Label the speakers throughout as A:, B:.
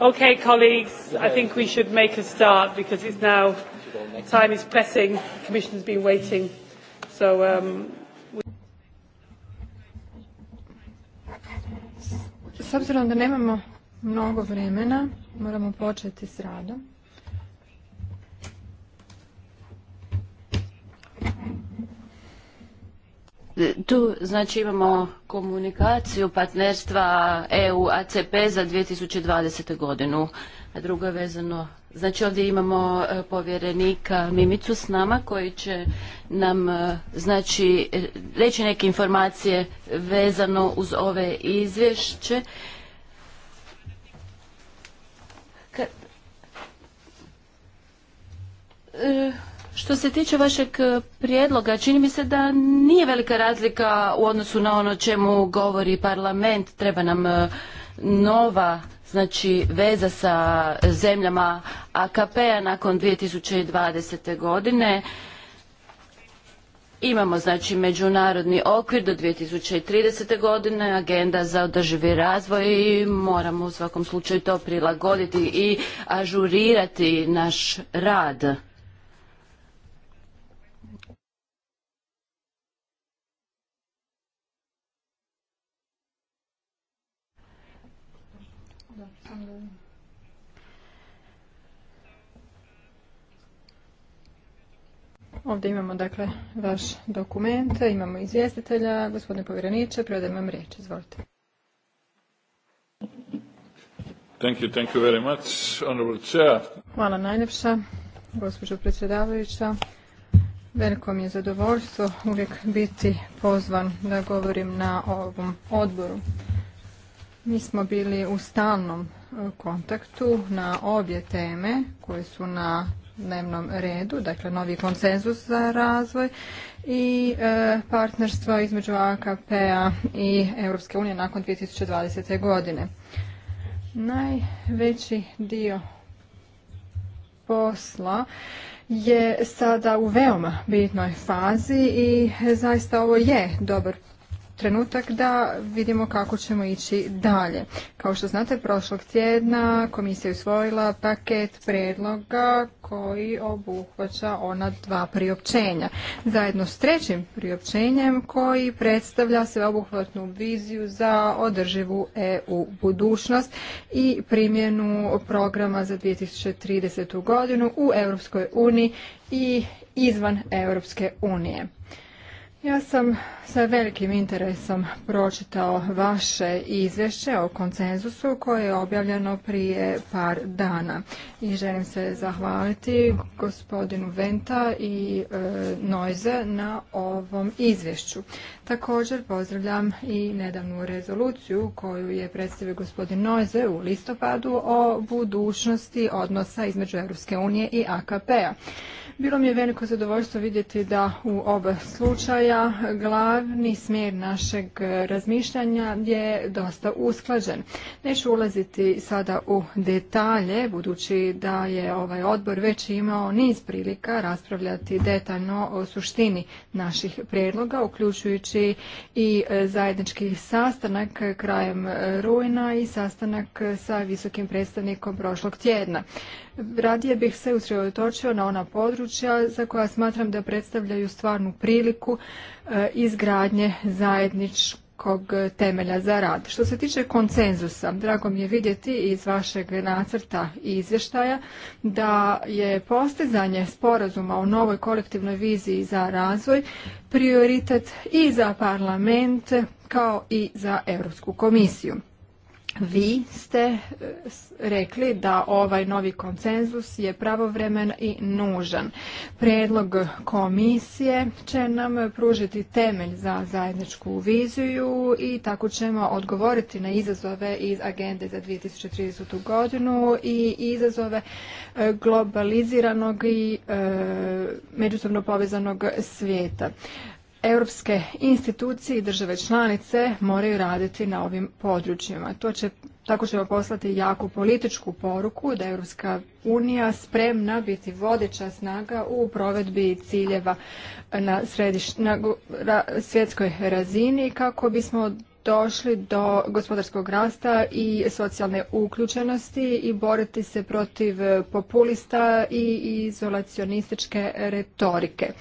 A: Okay, colleagues, I think we should make a start because it's now, time is pressing. The has been waiting. So, um,
B: S obzirom da nemamo mnogo vremena, moramo početi s radom.
C: Tu znači imamo komunikaciju partnerstva EU-ACP za 2020. godinu. A drugo je vezano, znači ovdje imamo e, povjerenika Mimicu s nama koji će nam e, znači e, reći neke informacije vezano uz ove izvješće. Kad, što se tiče vašeg e, prijedloga, čini mi se da nije velika razlika u odnosu na ono čemu govori parlament. Treba nam e, nova znači veza sa zemljama AKP-a nakon 2020. godine. Imamo znači međunarodni okvir do 2030. godine, agenda za održivi razvoj i moramo u svakom slučaju to prilagoditi i ažurirati naš rad.
B: Ovdje imamo dakle vaš dokument, imamo izvjestitelja, gospodine povjereniče, predajem vam riječ, izvolite.
A: Thank you, thank you very much, honorable chair.
B: Hvala najljepša, gospođo predsjedavajuća. Veliko mi je zadovoljstvo uvijek biti pozvan da govorim na ovom odboru. Mi smo bili u stalnom e, kontaktu na obje teme koje su na dnevnom redu, dakle novi konsenzus za razvoj i e, partnerstvo između AKP-a i Europske unije nakon 2020. godine. Najveći dio posla je sada u veoma bitnoj fazi i zaista ovo je dobar trenutak da vidimo kako ćemo ići dalje. Kao što znate, prošlog tjedna komisija je usvojila paket predloga koji obuhvaća ona dva priopćenja. Zajedno s trećim priopćenjem koji predstavlja sveobuhvatnu viziju za održivu EU budućnost i primjenu programa za 2030. godinu u Europskoj uniji i izvan Europske unije. Ja sam sa velikim interesom pročitao vaše izvješće o konsenzusu koje je objavljeno prije par dana i želim se zahvaliti gospodinu Venta i e, Noize na ovom izvješću. Također pozdravljam i nedavnu rezoluciju koju je predstavio gospodin Noize u listopadu o budućnosti odnosa između Europske unije i AKP-a. Bilo mi je veliko zadovoljstvo vidjeti da u oba slučaja na glavni smjer našeg razmišljanja je dosta usklađen. Neću ulaziti sada u detalje, budući da je ovaj odbor već imao niz prilika raspravljati detaljno o suštini naših prijedloga, uključujući i e, zajednički sastanak krajem rujna i sastanak sa visokim predstavnikom prošlog tjedna radije bih se usredotočio na ona područja za koja smatram da predstavljaju stvarnu priliku e, izgradnje zajedničkog temelja za rad. Što se tiče konsenzusa, drago mi je vidjeti iz vašeg nacrta i izvještaja da je postizanje sporazuma o novoj kolektivnoj viziji za razvoj prioritet i za parlament kao i za Europsku komisiju vi ste e, rekli da ovaj novi konsenzus je pravovremen i nužan. Predlog komisije će nam pružiti temelj za zajedničku viziju i tako ćemo odgovoriti na izazove iz agende za 2030. godinu i izazove e, globaliziranog i e, međusobno povezanog svijeta europske institucije i države članice moraju raditi na ovim područjima. To će, tako ćemo poslati jaku političku poruku da je Europska unija spremna biti vodeća snaga u provedbi ciljeva na, središ, na svjetskoj razini kako bismo došli do gospodarskog rasta i socijalne uključenosti i boriti se protiv populista i izolacionističke retorike.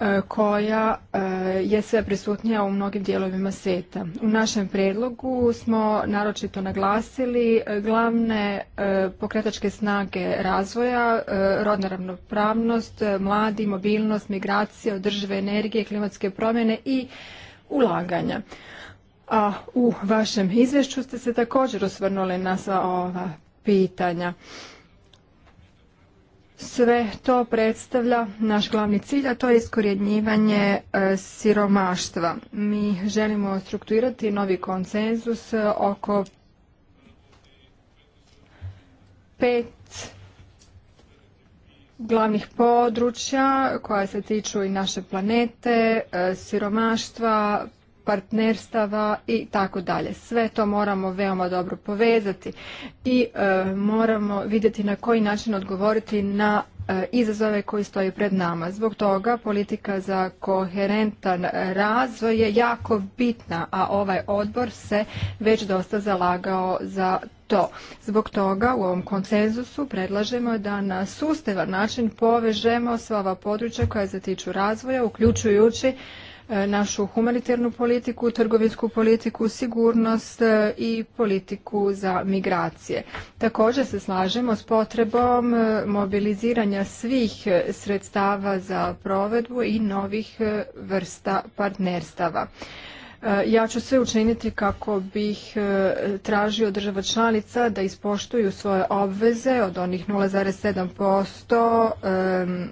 B: E, koja e, je sve prisutnija u mnogim dijelovima svijeta. U našem predlogu smo naročito naglasili glavne e, pokretačke snage razvoja, rodna ravnopravnost, mladi, mobilnost, migracija, održive energije, klimatske promjene i ulaganja. A u vašem izvješću ste se također osvrnuli na sva ova pitanja sve to predstavlja naš glavni cilj, a to je iskorjenjivanje e, siromaštva. Mi želimo strukturirati novi konsenzus oko pet glavnih područja koja se tiču i naše planete, e, siromaštva, partnerstava i tako dalje. Sve to moramo veoma dobro povezati i e, moramo vidjeti na koji način odgovoriti na e, izazove koji stoje pred nama. Zbog toga politika za koherentan razvoj je jako bitna, a ovaj odbor se već dosta zalagao za to. Zbog toga u ovom konsenzusu predlažemo da na sustavan način povežemo sva ova područja koja se tiču razvoja, uključujući E, našu humanitarnu politiku, trgovinsku politiku, sigurnost e, i politiku za migracije. Također se slažemo s potrebom e, mobiliziranja svih sredstava za provedbu i novih vrsta partnerstava. Ja ću sve učiniti kako bih tražio država članica da ispoštuju svoje obveze od onih 0,7%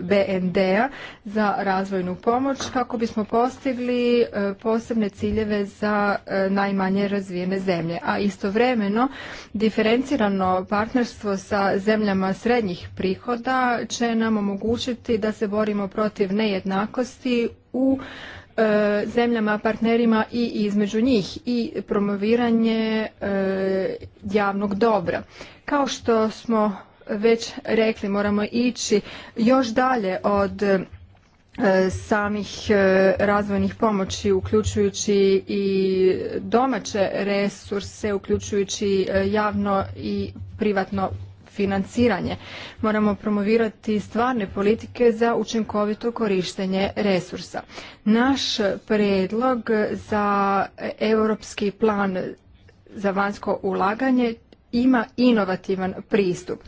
B: BND-a za razvojnu pomoć kako bismo postigli e, posebne ciljeve za e, najmanje razvijene zemlje. A istovremeno diferencirano partnerstvo sa zemljama srednjih prihoda će nam omogućiti da se borimo protiv nejednakosti u e, zemljama, partnerima i između njih i promoviranje javnog dobra. Kao što smo već rekli, moramo ići još dalje od e, samih e, razvojnih pomoći uključujući i domaće resurse, uključujući e, javno i privatno financiranje. Moramo promovirati stvarne politike za učinkovito korištenje resursa. Naš predlog za europski plan za vanjsko ulaganje ima inovativan pristup.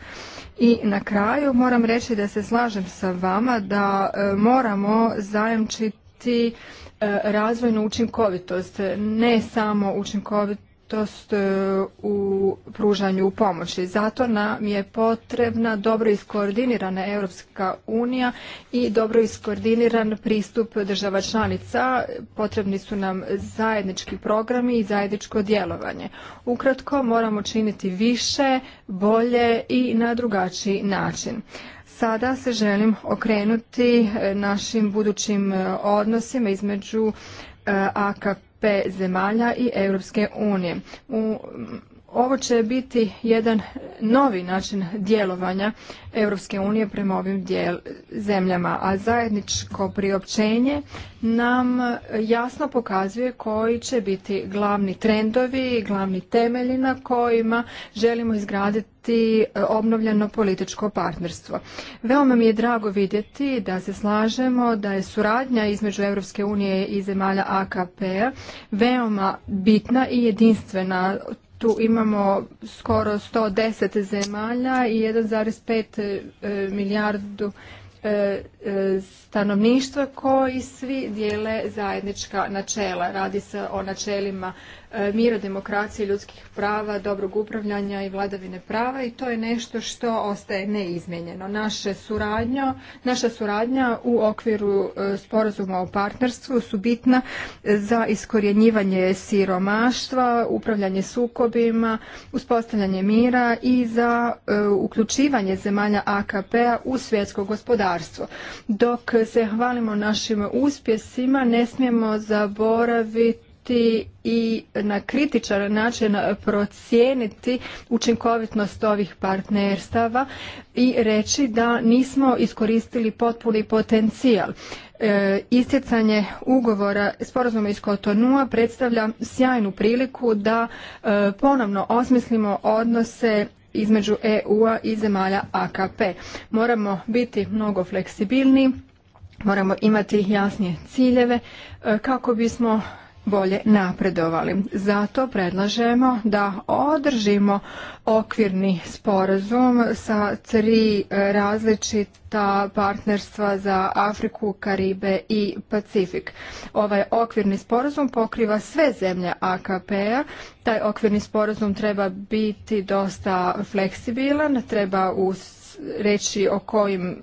B: I na kraju moram reći da se slažem sa vama da e, moramo zajamčiti e, razvojnu učinkovitost, ne samo učinkovitost učinkovitost e, u pružanju pomoći. Zato nam je potrebna dobro iskoordinirana Europska unija i dobro iskoordiniran pristup država članica. Potrebni su nam zajednički programi i zajedničko djelovanje. Ukratko moramo činiti više, bolje i na drugačiji način. Sada se želim okrenuti e, našim budućim e, odnosima između AKP zemalja i Europske unije. U ovo će biti jedan novi način djelovanja Europske unije prema ovim zemljama, a zajedničko priopćenje nam jasno pokazuje koji će biti glavni trendovi i glavni temelji na kojima želimo izgraditi e, obnovljeno političko partnerstvo. Veoma mi je drago vidjeti da se slažemo da je suradnja između Europske unije i zemalja AKP p-a veoma bitna i jedinstvena tu imamo skoro 110 zemalja i 1,5 e, milijardu e, e, stanovništva koji svi dijele zajednička načela. Radi se o načelima E, mira, demokracije, ljudskih prava, dobrog upravljanja i vladavine prava i to je nešto što ostaje neizmjenjeno. Naše suradnja, naša suradnja u okviru e, sporazuma o partnerstvu su bitna za iskorjenjivanje siromaštva, upravljanje sukobima, uspostavljanje mira i za e, uključivanje zemalja AKP-a u svjetsko gospodarstvo. Dok se hvalimo našim uspjesima, ne smijemo zaboraviti i na kritičan način procijeniti učinkovitnost ovih partnerstava i reći da nismo iskoristili potpuni potencijal. E, istjecanje ugovora sporazuma iz Kotonua predstavlja sjajnu priliku da e, ponovno osmislimo odnose između EU-a i zemalja AKP. Moramo biti mnogo fleksibilni, moramo imati jasnije ciljeve e, kako bismo bolje napredovali. Zato predlažemo da održimo okvirni sporazum sa tri različita partnerstva za Afriku, Karibe i Pacifik. Ovaj okvirni sporazum pokriva sve zemlje AKP-a. Taj okvirni sporazum treba biti dosta fleksibilan, treba reći o kojim e,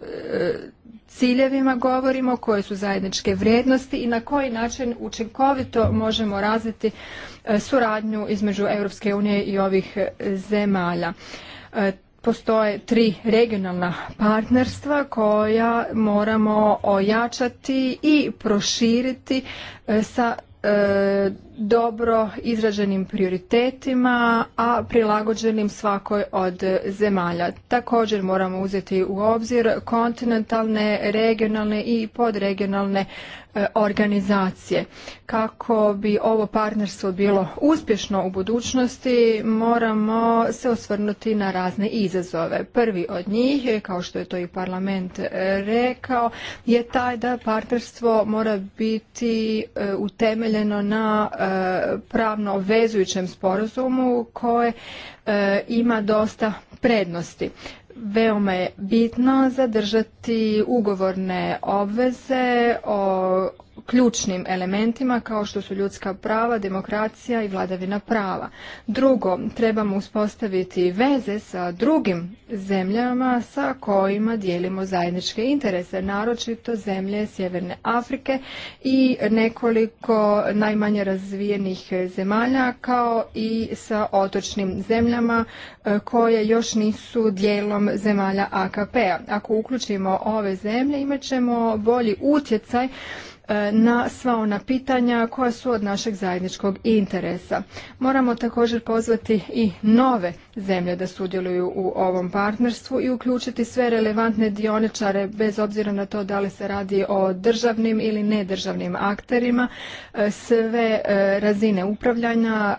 B: ciljevima govorimo, koje su zajedničke vrijednosti i na koji način učinkovito možemo razviti e, suradnju između EU i ovih e, zemalja. E, postoje tri regionalna partnerstva koja moramo ojačati i proširiti sa dobro izraženim prioritetima, a prilagođenim svakoj od zemalja. Također moramo uzeti u obzir kontinentalne, regionalne i podregionalne e, organizacije. Kako bi ovo partnerstvo bilo uspješno u budućnosti, moramo se osvrnuti na razne izazove. Prvi od njih, kao što je to i parlament e, rekao, je taj da partnerstvo mora biti e, utemeljeno na pravno obvezujućem sporazumu koje e, ima dosta prednosti. Veoma je bitno zadržati ugovorne obveze o ključnim elementima kao što su ljudska prava, demokracija i vladavina prava. Drugo, trebamo uspostaviti veze sa drugim zemljama sa kojima dijelimo zajedničke interese, naročito zemlje Sjeverne Afrike i nekoliko najmanje razvijenih zemalja kao i sa otočnim zemljama e, koje još nisu dijelom zemalja AKP-a. Ako uključimo ove zemlje imat ćemo bolji utjecaj E, na sva ona pitanja koja su od našeg zajedničkog interesa. Moramo također pozvati i nove zemlje da sudjeluju u ovom partnerstvu i uključiti sve relevantne dioničare bez obzira na to da li se radi o državnim ili nedržavnim akterima, e, sve e, razine upravljanja,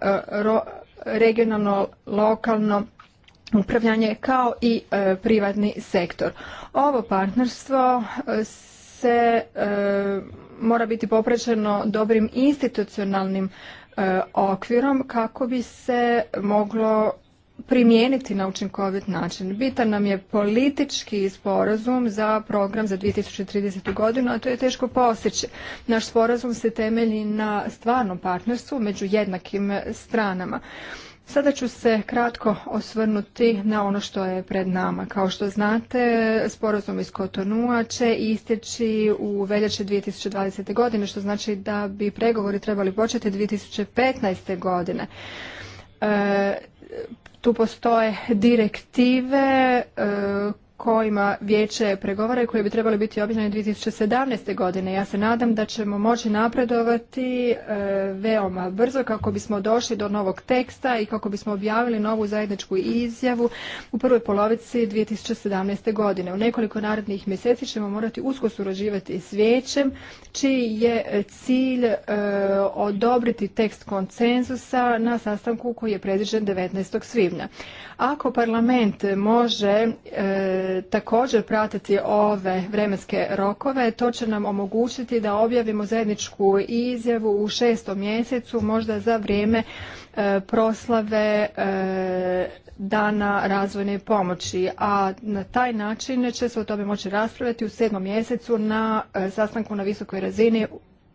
B: regionalno, lokalno, upravljanje kao i privatni sektor. Ovo partnerstvo se mora biti popraćeno dobrim institucionalnim e, okvirom kako bi se moglo primijeniti na učinkovit način. Bitan nam je politički sporazum za program za 2030. godinu, a to je teško postići. Naš sporazum se temelji na stvarnom partnerstvu među jednakim stranama. Sada ću se kratko osvrnuti na ono što je pred nama. Kao što znate, sporazum iz Kotonua će isteći u veljače 2020. godine, što znači da bi pregovori trebali početi 2015. godine. E, tu postoje direktive e, kojima vijeće pregovara i koje bi trebali biti objavljene 2017. godine. Ja se nadam da ćemo moći napredovati e, veoma brzo kako bismo došli do novog teksta i kako bismo objavili novu zajedničku izjavu u prvoj polovici 2017. godine. U nekoliko narednih mjeseci ćemo morati usko surađivati s vijećem čiji je cilj e, odobriti tekst konsenzusa na sastanku koji je predviđen 19. svibnja. Ako parlament može e, također pratiti ove vremenske rokove. To će nam omogućiti da objavimo zajedničku izjavu u šestom mjesecu, možda za vrijeme e, proslave e, dana razvojne pomoći, a na taj način će se o tome moći raspravljati u sedmom mjesecu na e, sastanku na visokoj razini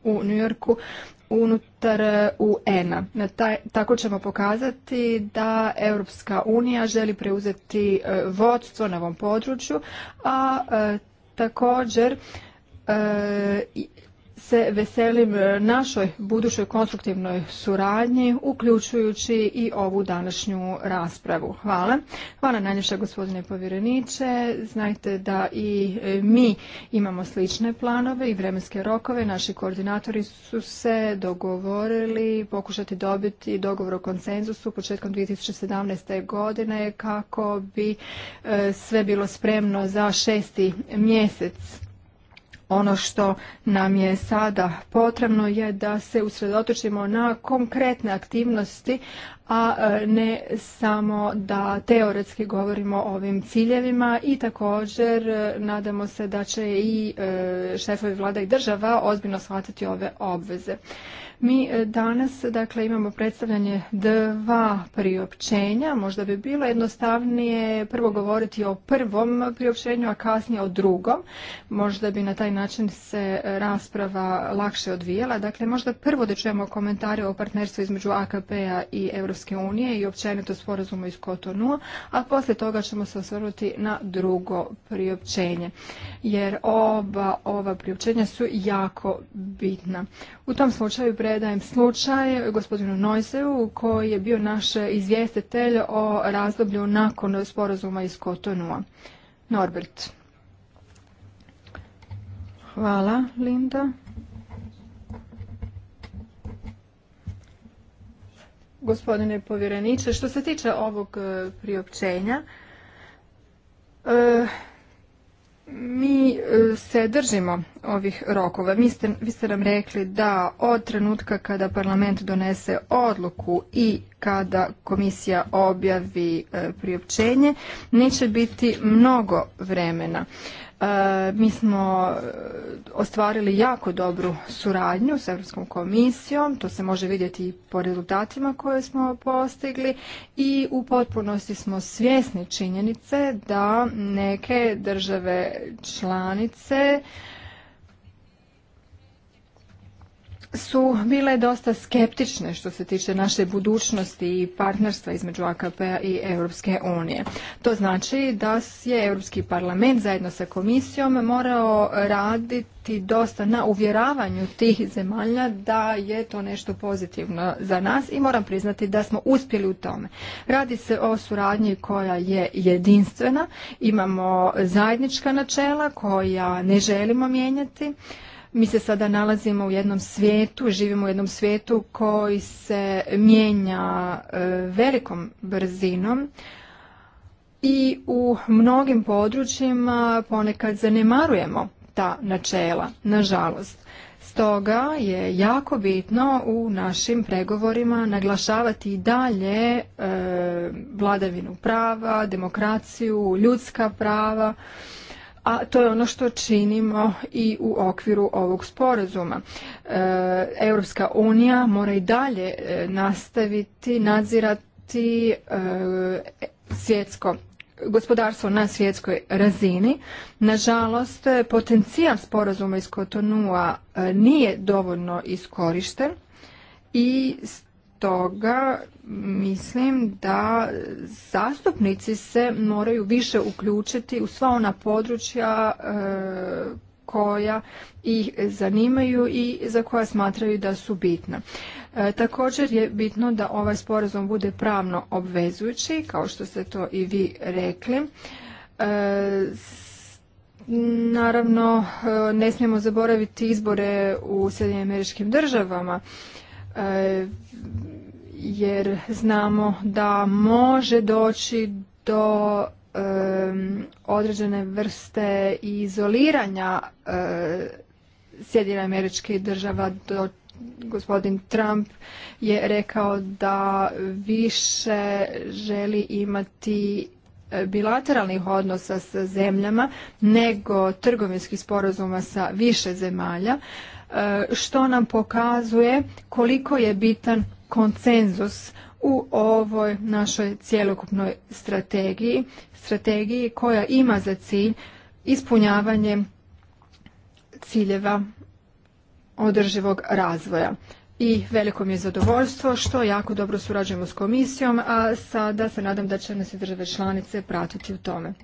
B: u New Yorku unutar UN-a. Tako ćemo pokazati da Europska unija želi preuzeti e, vodstvo na ovom području, a e, također e, se veselim e, našoj budućoj konstruktivnoj suradnji, uključujući i ovu današnju raspravu. Hvala. Hvala najljepša gospodine povjereniče. Znajte da i e, mi imamo slične planove i vremenske rokove. Naši koordinatori su se dogovorili pokušati dobiti dogovor o konsenzusu početkom 2017. godine kako bi e, sve bilo spremno za šesti mjesec ono što nam je sada potrebno je da se usredotočimo na konkretne aktivnosti, a e, ne samo da teoretski govorimo o ovim ciljevima i također e, nadamo se da će i e, šefovi vlada i država ozbiljno shvatiti ove obveze. Mi danas dakle imamo predstavljanje dva priopćenja, možda bi bilo jednostavnije prvo govoriti o prvom priopćenju, a kasnije o drugom. Možda bi na taj način se rasprava lakše odvijela. Dakle, možda prvo da čujemo komentare o partnerstvu između AKP-a i EU Europske unije i općenito sporazuma iz Kotonua, a poslije toga ćemo se osvrnuti na drugo priopćenje, jer oba ova priopćenja su jako bitna. U tom slučaju predajem slučaj gospodinu u koji je bio naš izvjestitelj o razdoblju nakon sporazuma iz Kotonua. Norbert. Hvala, Linda. gospodine povjereniče. Što se tiče ovog e, priopćenja, e, mi e, se držimo ovih rokova. Vi ste, nam rekli da od trenutka kada parlament donese odluku i kada komisija objavi e, priopćenje, neće biti mnogo vremena. E, mi smo e, ostvarili jako dobru suradnju s Europskom komisijom, to se može vidjeti i po rezultatima koje smo postigli i u potpunosti smo svjesni činjenice da neke države članice su bile dosta skeptične što se tiče naše budućnosti i partnerstva između AKP-a i Europske unije. To znači da je Europski parlament zajedno sa komisijom morao raditi dosta na uvjeravanju tih zemalja da je to nešto pozitivno za nas i moram priznati da smo uspjeli u tome. Radi se o suradnji koja je jedinstvena, imamo zajednička načela koja ne želimo mijenjati mi se sada nalazimo u jednom svijetu, živimo u jednom svijetu koji se mijenja e, velikom brzinom i u mnogim područjima ponekad zanemarujemo ta načela, nažalost. Stoga je jako bitno u našim pregovorima naglašavati i dalje e, vladavinu prava, demokraciju, ljudska prava a to je ono što činimo i u okviru ovog sporazuma. E, Europska unija mora i dalje e, nastaviti nadzirati e, svjetsko gospodarstvo na svjetskoj razini. Nažalost, potencijal sporazuma iz Kotonua nije dovoljno iskorišten i stoga mislim da zastupnici se moraju više uključiti u sva ona područja e, koja ih zanimaju i za koja smatraju da su bitna. E, također je bitno da ovaj sporazum bude pravno obvezujući, kao što ste to i vi rekli. E, naravno, ne smijemo zaboraviti izbore u Sjedinim američkim državama jer znamo da može doći do određene vrste izoliranja e, Sjedinjenih država do gospodin Trump je rekao da više želi imati eh, bilateralnih odnosa sa zemljama nego trgovinskih sporazuma sa više zemalja eh, što nam pokazuje koliko je bitan konsenzus u ovoj našoj cjelokupnoj strategiji, strategiji koja ima za cilj ispunjavanje ciljeva održivog razvoja. I veliko mi je zadovoljstvo što jako dobro surađujemo s komisijom, a sada se nadam da će nas i države članice pratiti u tome.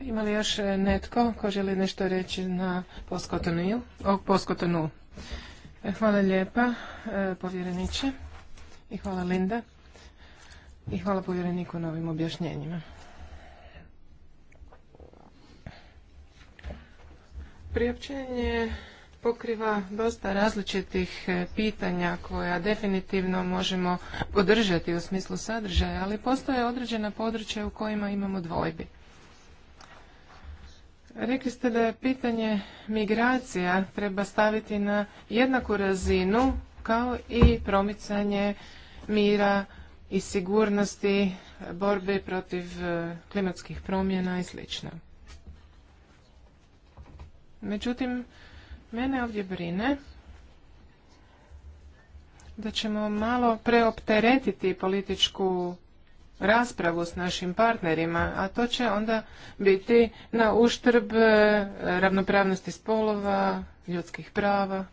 A: Ima li još e, netko ko želi nešto reći na poskotonu? E, hvala lijepa, e, povjereniče. I hvala Linda. I hvala povjereniku na ovim objašnjenjima. Priopćenje pokriva dosta različitih e, pitanja koja definitivno možemo podržati u smislu sadržaja, ali postoje određena područja u kojima imamo dvojbi. Rekli ste da je pitanje migracija treba staviti na jednaku razinu kao i promicanje mira i sigurnosti, borbe protiv e, klimatskih promjena i sl. Međutim, mene ovdje brine da ćemo malo preopteretiti političku raspravu s našim partnerima, a to će onda biti na uštrb e, ravnopravnosti spolova, ljudskih prava.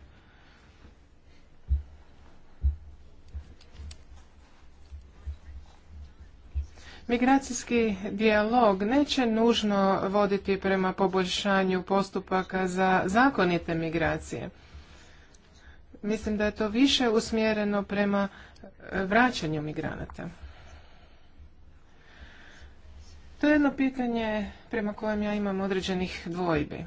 A: Migracijski dijalog neće nužno voditi prema poboljšanju postupaka za zakonite migracije. Mislim da je to više usmjereno prema e, vraćanju migranata. To je jedno pitanje prema kojem ja imam određenih dvojbi.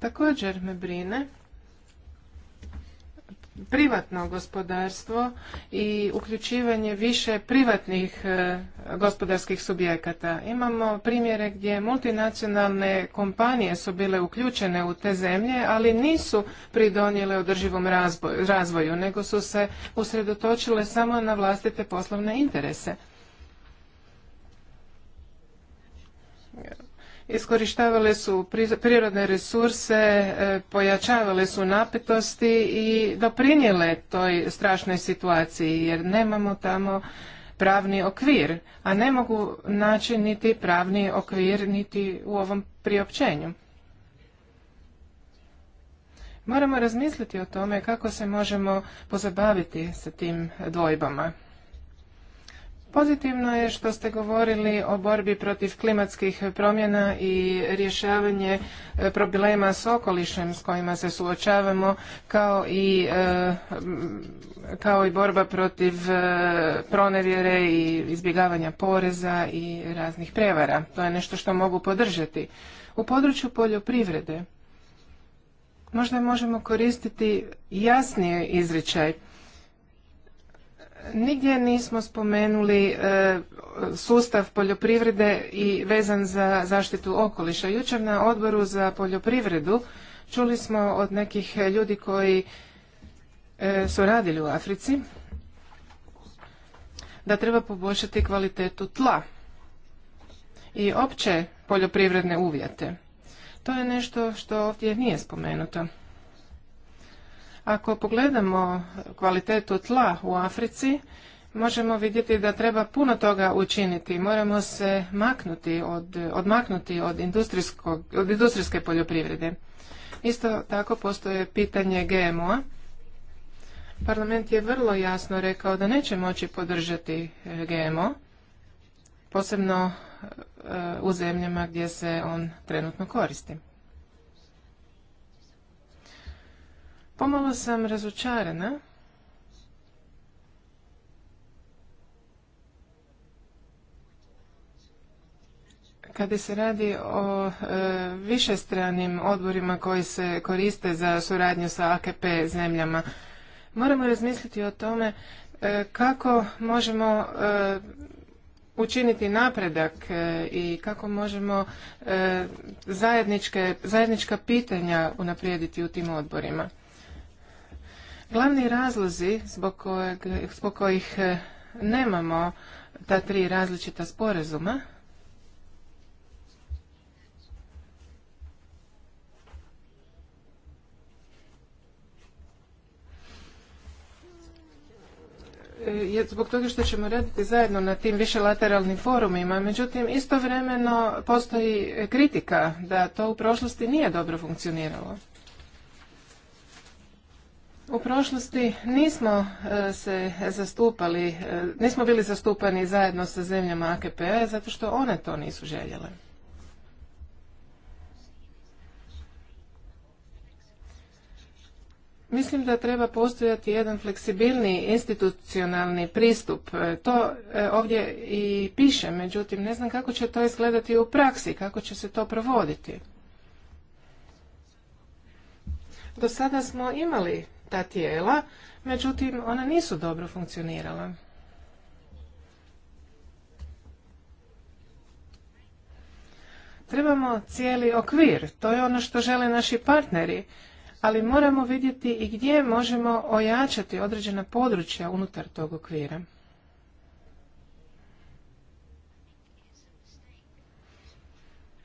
A: Također me brine privatno gospodarstvo i uključivanje više privatnih e, gospodarskih subjekata. Imamo primjere gdje multinacionalne kompanije su bile uključene u te zemlje, ali nisu pridonijele održivom razvoju, nego su se usredotočile samo na vlastite poslovne interese iskorištavale su prirodne resurse, e, pojačavale su napetosti i doprinijele toj strašnoj situaciji jer nemamo tamo pravni okvir, a ne mogu naći niti pravni okvir niti u ovom priopćenju. Moramo razmisliti o tome kako se možemo pozabaviti sa tim dvojbama. Pozitivno je što ste govorili o borbi protiv klimatskih promjena i rješavanje e, problema s okolišem s kojima se suočavamo kao i, e, kao i borba protiv e, pronevjere i izbjegavanja poreza i raznih prevara. To je nešto što mogu podržati. U području poljoprivrede možda možemo koristiti jasnije izričaj Nigdje nismo spomenuli e, sustav poljoprivrede i vezan za zaštitu okoliša. Jučer na odboru za poljoprivredu čuli smo od nekih ljudi koji e, su radili u Africi da treba poboljšati kvalitetu tla i opće poljoprivredne uvjete. To je nešto što ovdje nije spomenuto. Ako pogledamo kvalitetu tla u Africi, možemo vidjeti da treba puno toga učiniti. Moramo se maknuti od, odmaknuti od, od industrijske poljoprivrede. Isto tako postoje pitanje GMO-a. Parlament je vrlo jasno rekao da neće moći podržati GMO, posebno e, u zemljama gdje se on trenutno koristi. Pomalo sam razočarana. Kada se radi o e, višestranim odborima koji se koriste za suradnju sa AKP zemljama, moramo razmisliti o tome e, kako možemo e, učiniti napredak i kako možemo zajednička pitanja unaprijediti u tim odborima. Glavni razlozi zbog, kojeg, zbog kojih e, nemamo ta tri različita sporazuma e, je zbog toga što ćemo raditi zajedno na tim višelateralnim forumima, međutim istovremeno postoji kritika da to u prošlosti nije dobro funkcioniralo. U prošlosti nismo e, se zastupali, e, nismo bili zastupani zajedno sa zemljama AKP-a zato što one to nisu željele. Mislim da treba postojati jedan fleksibilni institucionalni pristup. E, to ovdje i piše, međutim ne znam kako će to izgledati u praksi, kako će se to provoditi. Do sada smo imali ta tijela, međutim ona nisu dobro funkcionirala. Trebamo cijeli okvir, to je ono što žele naši partneri, ali moramo vidjeti i gdje možemo ojačati određena područja unutar tog okvira.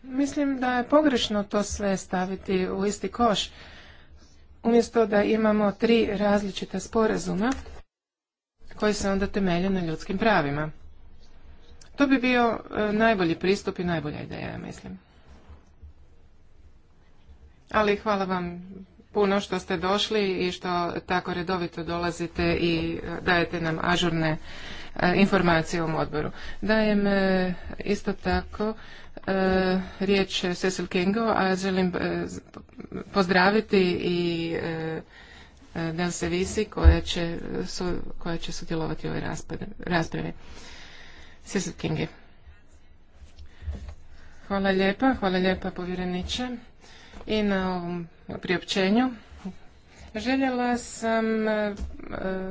A: Mislim da je pogrešno to sve staviti u isti koš umjesto da imamo tri različita sporazuma koji se onda temelje na ljudskim pravima. To bi bio e, najbolji pristup i najbolja ideja, mislim. Ali hvala vam puno što ste došli i što tako redovito dolazite i e, dajete nam ažurne e, informacije ovom odboru. Dajem e, isto tako riječ Cecil Kingo, a želim pozdraviti i Del Sevisi koja će, koja će sudjelovati u ovoj raspravi. Cecil Hvala lijepa, hvala lijepa povjereniče i na ovom priopćenju. Željela sam e,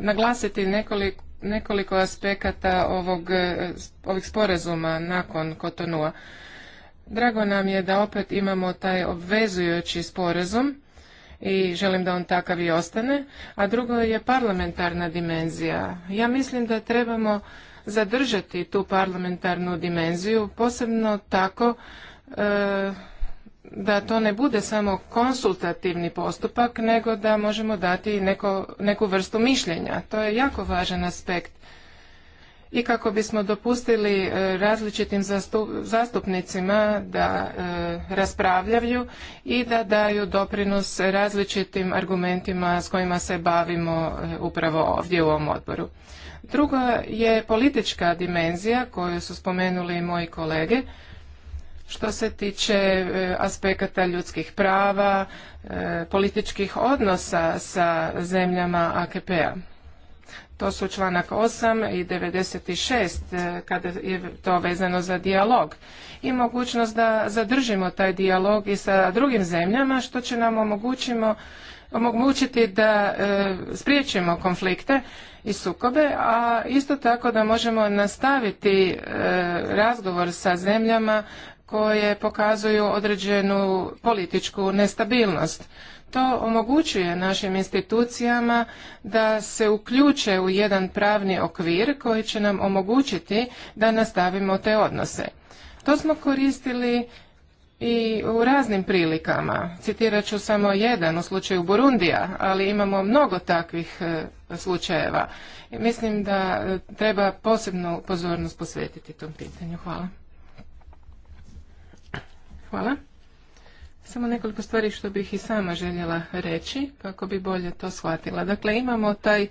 A: naglasiti nekoliko, aspekata e, ovih sporazuma nakon Kotonua. Drago nam je da opet imamo taj obvezujući sporazum i želim da on takav i ostane, a drugo je parlamentarna dimenzija. Ja mislim da trebamo zadržati tu parlamentarnu dimenziju, posebno tako e, da to ne bude samo konsultativni postupak, nego da možemo dati neku vrstu mišljenja. To je jako važan aspekt. I kako bismo dopustili e, različitim zastupnicima da e, raspravljaju i da daju doprinos različitim argumentima s kojima se bavimo e, upravo ovdje u ovom odboru. Druga je politička dimenzija koju su spomenuli moji kolege što se tiče eh, aspekata ljudskih prava, eh, političkih odnosa sa zemljama AKP-a. To su članak 8 i 96 eh, kada je to vezano za dijalog i mogućnost da zadržimo taj dijalog i sa drugim zemljama što će nam omogućimo omogućiti da spriječimo konflikte i sukobe, a isto tako da možemo nastaviti razgovor sa zemljama koje pokazuju određenu političku nestabilnost. To omogućuje našim institucijama da se uključe u jedan pravni okvir koji će nam omogućiti da nastavimo te odnose. To smo koristili i u raznim prilikama. Citirat ću samo jedan u slučaju Burundija, ali imamo mnogo takvih e, slučajeva. Mislim da e, treba posebnu pozornost posvetiti tom pitanju. Hvala. Hvala. Samo nekoliko stvari što bih i sama željela reći kako bi bolje to shvatila. Dakle, imamo taj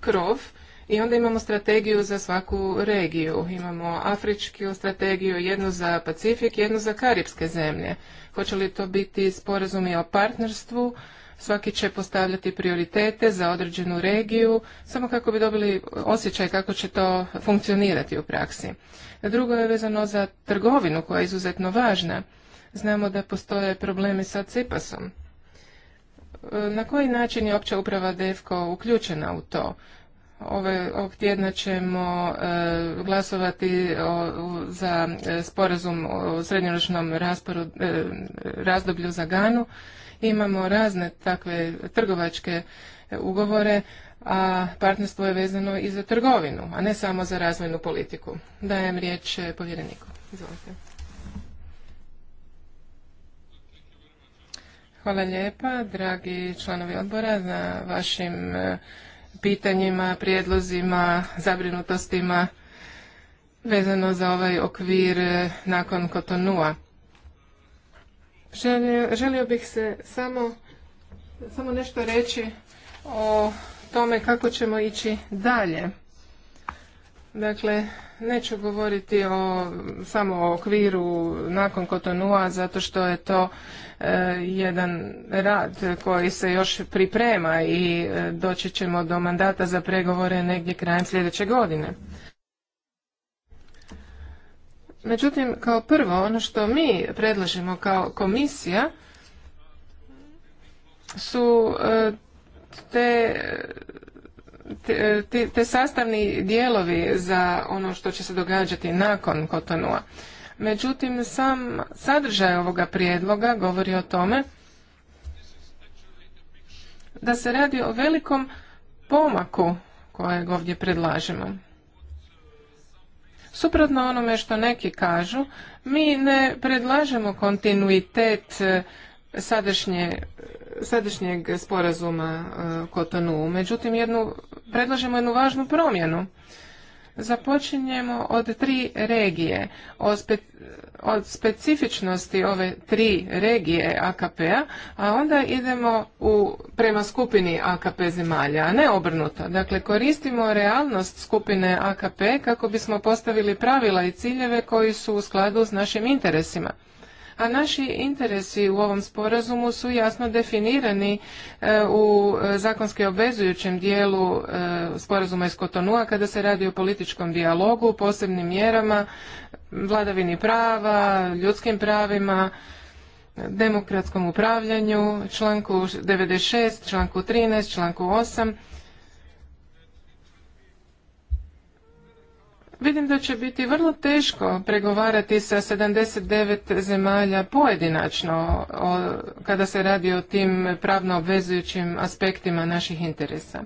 A: krov i onda imamo strategiju za svaku regiju. Imamo afričku strategiju, jednu za Pacifik, jednu za Karibske zemlje. Hoće li to biti sporazumi o partnerstvu? Svaki će postavljati prioritete za određenu regiju, samo kako bi dobili osjećaj kako će to funkcionirati u praksi. Drugo je vezano za trgovinu koja je izuzetno važna Znamo da postoje problemi sa CIPASom. E, na koji način je opća uprava DEFKO uključena u to? Ove, ovog tjedna ćemo e, glasovati za e, sporazum o srednjoročnom razdoblju za Ganu. Imamo razne takve trgovačke ugovore, a partnerstvo je vezano i za trgovinu, a ne samo za razvojnu politiku. Dajem riječ povjereniku. Izvolite. Hvala lijepa, dragi članovi odbora, na vašim e, pitanjima, prijedlozima, zabrinutostima vezano za ovaj okvir e, nakon Kotonua. Želio, bih se samo, samo nešto reći o tome kako ćemo ići dalje. Dakle, neću govoriti o, samo o okviru nakon Kotonua, zato što je to e, jedan rad koji se još priprema i e, doći ćemo do mandata za pregovore negdje krajem sljedeće godine. Međutim, kao prvo, ono što mi predlažemo kao komisija su e, te te, sastavni dijelovi za ono što će se događati nakon Kotonua. Međutim, sam sadržaj ovoga prijedloga govori o tome da se radi o velikom pomaku kojeg ovdje predlažemo. Suprotno onome što neki kažu, mi ne predlažemo kontinuitet sadašnjeg sporazuma e, Kotonu. Međutim, jednu, predlažemo jednu važnu promjenu. Započinjemo od tri regije. Od, od specifičnosti ove tri regije AKP-a, a onda idemo u, prema skupini AKP zemalja, a ne obrnuto. Dakle, koristimo realnost skupine AKP kako bismo postavili pravila i ciljeve koji su u skladu s našim interesima a naši interesi u ovom sporazumu su jasno definirani e, u e, zakonski obvezujućem dijelu e, sporazuma iz Kotonua kada se radi o političkom dijalogu, posebnim mjerama, vladavini prava, ljudskim pravima, demokratskom upravljanju, članku 96, članku 13, članku 8 Vidim da će biti vrlo teško pregovarati sa 79 zemalja pojedinačno o, kada se radi o tim pravno obvezujućim aspektima naših interesa.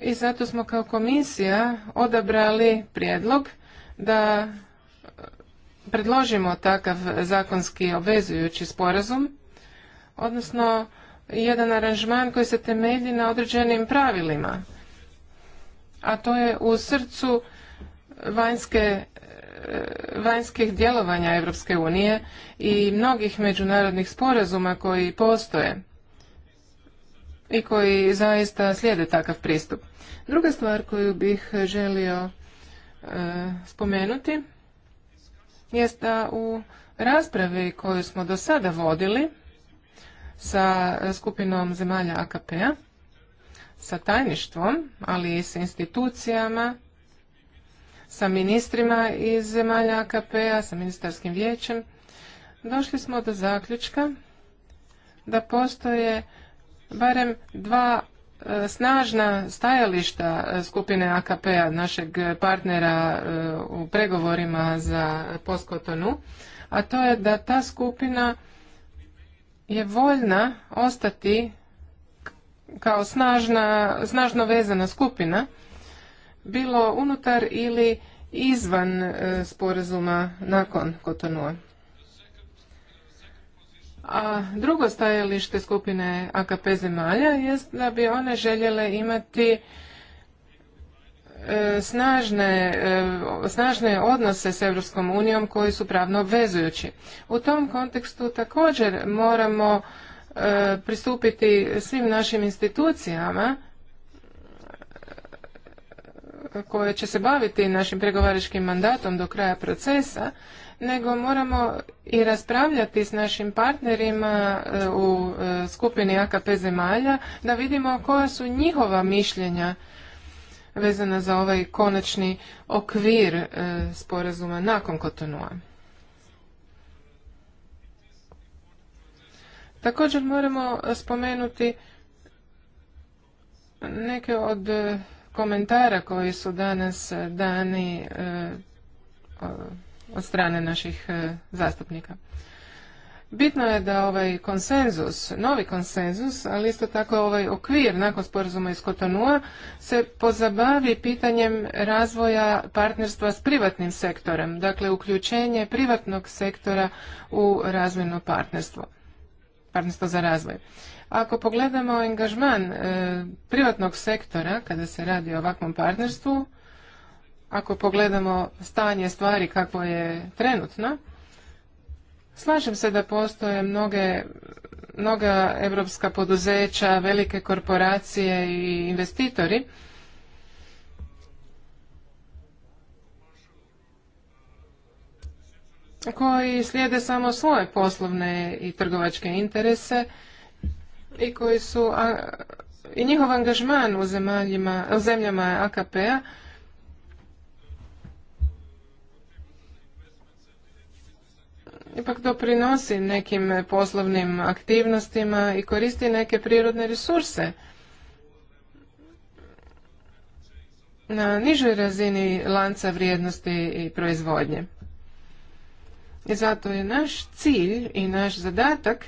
A: I zato smo kao komisija odabrali prijedlog da e, predložimo takav zakonski obvezujući sporazum, odnosno jedan aranžman koji se temelji na određenim pravilima a to je u srcu vanjske e, vanjskih djelovanja Europske unije i mnogih međunarodnih sporazuma koji postoje i koji zaista slijede takav pristup. Druga stvar koju bih želio e, spomenuti jest da u raspravi koju smo do sada vodili sa skupinom zemalja AKP-a sa tajništvom, ali i sa institucijama, sa ministrima iz zemalja AKP-a, sa ministarskim vijećem, došli smo do zaključka da postoje barem dva e, snažna stajališta e, skupine AKP-a, našeg partnera e, u pregovorima za Poskotonu, a to je da ta skupina je voljna ostati kao snažna, snažno vezana skupina, bilo unutar ili izvan e, sporazuma nakon Kotonua. A drugo stajalište skupine AKP zemalja jest da bi one željele imati e, snažne, e, snažne odnose s Europskom unijom koji su pravno obvezujući. U tom kontekstu također moramo E, pristupiti svim našim institucijama e, koje će se baviti našim pregovaračkim mandatom do kraja procesa, nego moramo i raspravljati s našim partnerima e, u skupini AKP zemalja da vidimo koja su njihova mišljenja vezana za ovaj konačni okvir sporazuma nakon Kotonua. Također moramo spomenuti neke od e, komentara koji su danas e, dani e, od strane naših zastupnika. Bitno je da ovaj konsenzus, novi konsenzus, ali isto tako ovaj okvir nakon sporazuma iz Kotonua se pozabavi pitanjem razvoja partnerstva s privatnim sektorem, dakle uključenje privatnog sektora u razvojno partnerstvo partnerstvo za razvoj. Ako pogledamo angažman e, privatnog sektora kada se radi o ovakvom partnerstvu, ako pogledamo stanje stvari kako je trenutno, slažem se da postoje mnoge mnoga europska poduzeća, velike korporacije i investitori koji slijede samo svoje poslovne i trgovačke interese i koji su i njihov angažman u, zemaljima, u zemljama AKP-a ipak doprinosi nekim poslovnim aktivnostima i koristi neke prirodne resurse. Na nižoj razini lanca vrijednosti i proizvodnje. I Zato je naš cilj i naš zadatak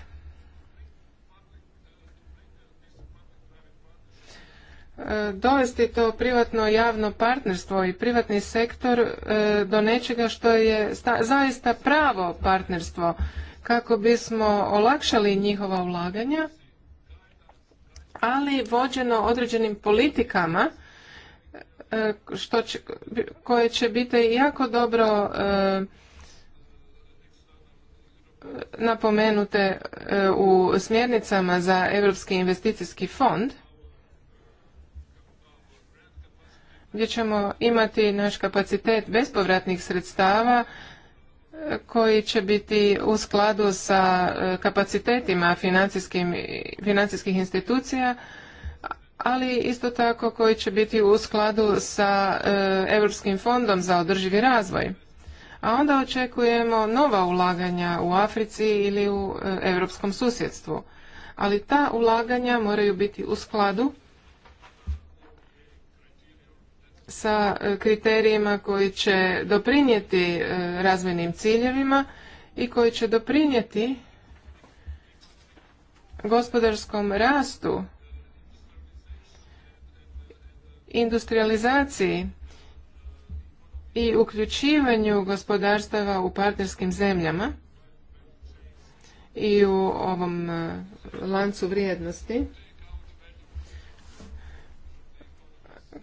A: e, dovesti to privatno javno partnerstvo i privatni sektor e, do nečega što je zaista pravo partnerstvo kako bismo olakšali njihova ulaganja ali vođeno određenim politikama e, što će, koje će biti jako dobro napomenute e, u smjernicama za Europski investicijski fond, gdje ćemo imati naš kapacitet bespovratnih sredstava e, koji će biti u skladu sa e, kapacitetima financijskih institucija, ali isto tako koji će biti u skladu sa Europskim fondom za održivi razvoj a onda očekujemo nova ulaganja u Africi ili u e, europskom susjedstvu. Ali ta ulaganja moraju biti u skladu sa e, kriterijima koji će doprinijeti e, razvojnim ciljevima i koji će doprinijeti gospodarskom rastu, industrializaciji i uključivanju gospodarstava u partnerskim zemljama i u ovom e, lancu vrijednosti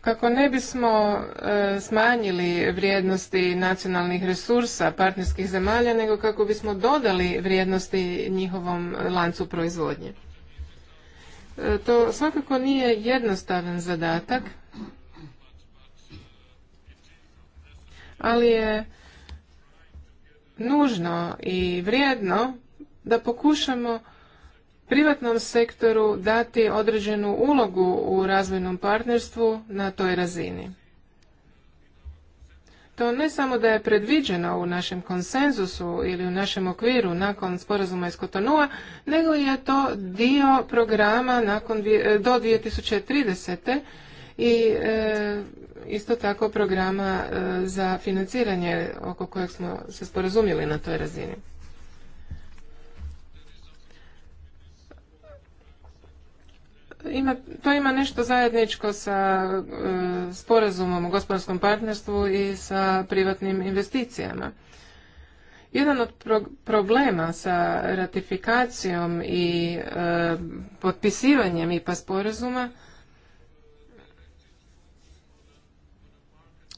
A: kako ne bismo e, smanjili vrijednosti nacionalnih resursa partnerskih zemalja nego kako bismo dodali vrijednosti njihovom lancu proizvodnje. E, to svakako nije jednostavan zadatak ali je nužno i vrijedno da pokušamo privatnom sektoru dati određenu ulogu u razvojnom partnerstvu na toj razini. To ne samo da je predviđeno u našem konsenzusu ili u našem okviru nakon sporazuma iz Kotonua, nego je to dio programa nakon, do 2030 i e, isto tako programa e, za financiranje oko kojeg smo se sporazumjeli na toj razini. Ima, to ima nešto zajedničko sa e, sporazumom o gospodarskom partnerstvu i sa privatnim investicijama. Jedan od problema sa ratifikacijom i e, potpisivanjem IPA sporazuma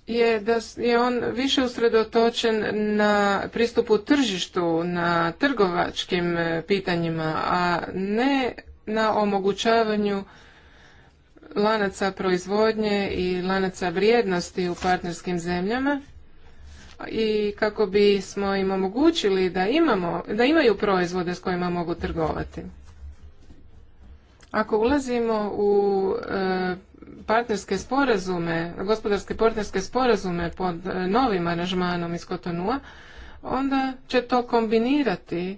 A: je da je on više usredotočen na pristupu tržištu, na trgovačkim e, pitanjima, a ne na omogućavanju lanaca proizvodnje i lanaca vrijednosti u partnerskim zemljama i kako bi smo im omogućili da, imamo, da imaju proizvode s kojima mogu trgovati. Ako ulazimo u e, partnerske sporazume, gospodarske partnerske sporazume pod e, novim aranžmanom iz Kotonua, onda će to kombinirati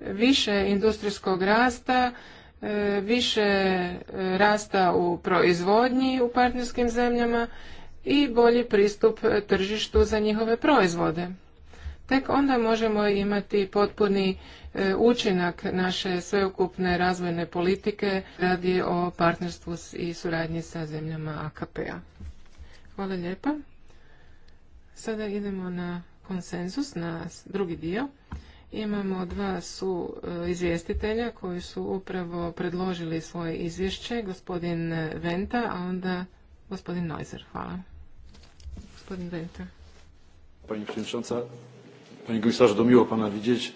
A: više industrijskog rasta, e, više e, rasta u proizvodnji u partnerskim zemljama i bolji pristup tržištu za njihove proizvode. Tek onda možemo imati potpuni e, učinak naše sveukupne razvojne politike radi o partnerstvu i suradnji sa zemljama AKP-a. Hvala lijepa. Sada idemo na konsenzus, na drugi dio. Imamo dva su e, izvjestitelja koji su upravo predložili svoje izvješće, gospodin Venta, a onda gospodin Neuser. Hvala. Gospodin Venta.
B: Pani Panie komisarzu, do miło Pana widzieć.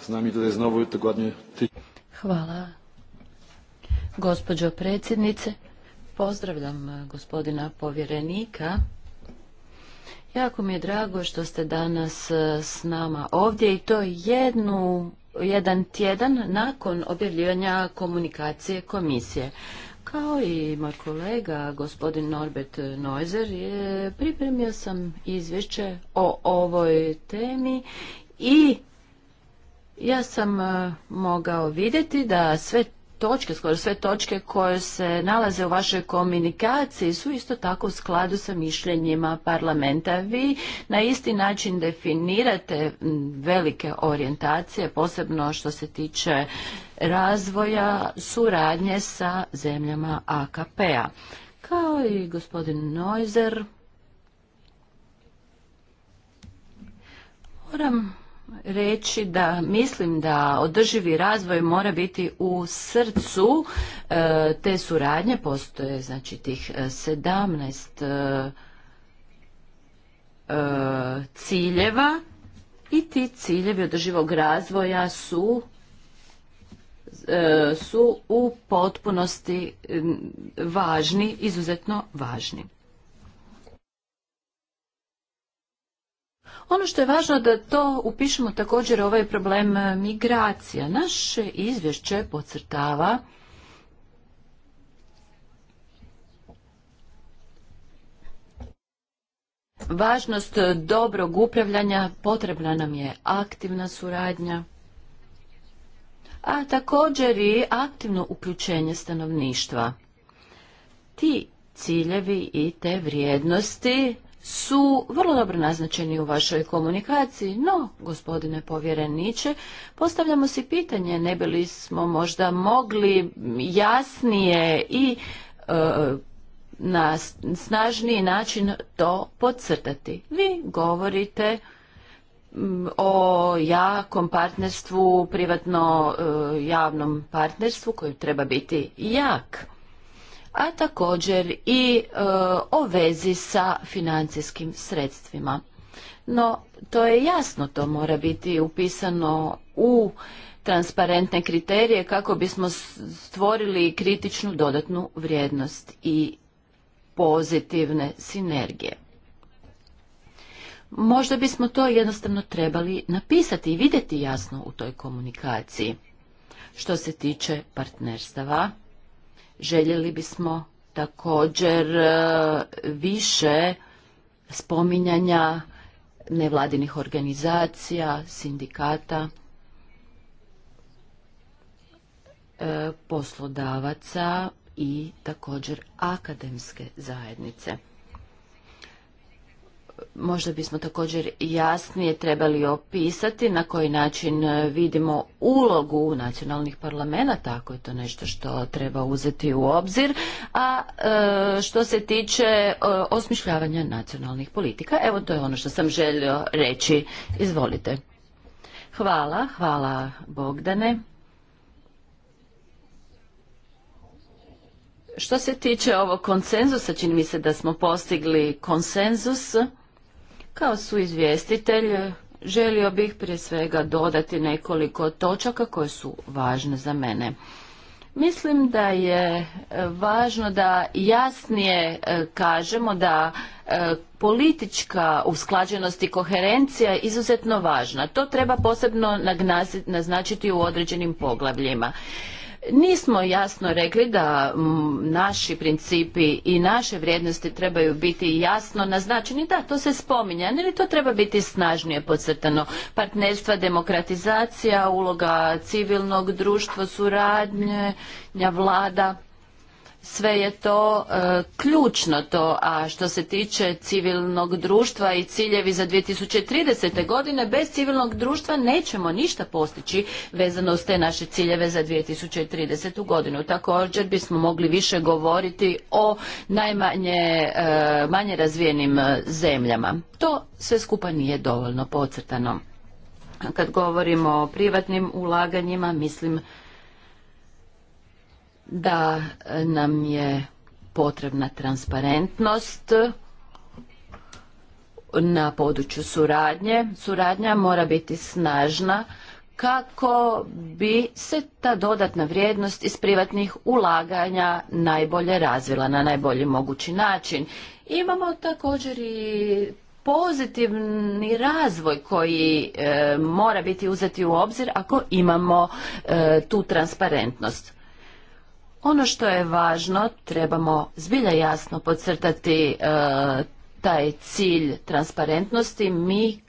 B: Z nami tutaj znowu dokładnie ty.
C: Hvala. Gospođo predsjednice, pozdravljam e, gospodina povjerenika. Jako mi je drago što ste danas e, s nama ovdje i to jednu jedan tjedan nakon objavljivanja komunikacije komisije. Kao i moj kolega, gospodin Norbert Neuser, je, pripremio sam izvješće o ovoj temi i ja sam eh, mogao vidjeti da sve točke, skoro sve točke koje se nalaze u vašoj komunikaciji su isto tako u skladu sa mišljenjima parlamenta. Vi na isti način definirate velike orijentacije, posebno što se tiče razvoja suradnje sa zemljama AKP-a. Kao i gospodin Neuser moram reći da mislim da održivi razvoj mora biti u srcu e, te suradnje, postoje znači tih 17 e, e, ciljeva i ti ciljevi održivog razvoja su su u potpunosti važni, izuzetno važni. Ono što je važno da to upišemo također ovaj problem e, migracija. Naše izvješće podcrtava Važnost dobrog upravljanja potrebna nam je aktivna suradnja, a također i aktivno uključenje stanovništva. Ti ciljevi i te vrijednosti su vrlo dobro naznačeni u vašoj komunikaciji, no, gospodine povjereniče, postavljamo si pitanje, ne bi smo možda mogli jasnije i e, na snažniji način to podcrtati. Vi govorite o jakom partnerstvu, privatno-javnom e, partnerstvu koji treba biti jak a također i e, o vezi sa financijskim sredstvima. No, to je jasno, to mora biti upisano u transparentne kriterije kako bismo stvorili kritičnu dodatnu vrijednost i pozitivne sinergije. Možda bismo to jednostavno trebali napisati i vidjeti jasno u toj komunikaciji. Što se tiče partnerstava, Željeli bismo također e, više spominjanja nevladinih organizacija, sindikata, e, poslodavaca i također akademske zajednice. Možda bismo također jasnije trebali opisati na koji način e, vidimo ulogu nacionalnih parlamenta, ako je to nešto što treba uzeti u obzir, a e, što se tiče e, osmišljavanja nacionalnih politika. Evo to je ono što sam želio reći. Izvolite. Hvala, hvala Bogdane. Što se tiče ovog konsenzusa, čini mi se da smo postigli konsenzus kao su izvjestitelj, želio bih prije svega dodati nekoliko točaka koje su važne za mene. Mislim da je e, važno da jasnije e, kažemo da e, politička usklađenost i koherencija je izuzetno važna. To treba posebno naznačiti u određenim poglavljima. Nismo jasno rekli da naši principi i naše vrijednosti trebaju biti jasno naznačeni. Da, to se spominja, ali to treba biti snažnije podcrtano. Partnerstva, demokratizacija, uloga civilnog društva, suradnje, vlada sve je to e, ključno to, a što se tiče civilnog društva i ciljevi za 2030. godine, bez civilnog društva nećemo ništa postići vezano uz te naše ciljeve za 2030. godinu. Također bismo mogli više govoriti o najmanje e, manje razvijenim e, zemljama. To sve skupa nije dovoljno podcrtano. Kad govorimo o privatnim ulaganjima, mislim da e, nam je potrebna transparentnost na području suradnje. Suradnja mora biti snažna kako bi se ta dodatna vrijednost iz privatnih ulaganja najbolje razvila na najbolji mogući način. Imamo također i pozitivni razvoj koji e, mora biti uzeti u obzir ako imamo e, tu transparentnost. Ono što je važno, trebamo zbilja jasno podcrtati e, taj cilj transparentnosti. Mi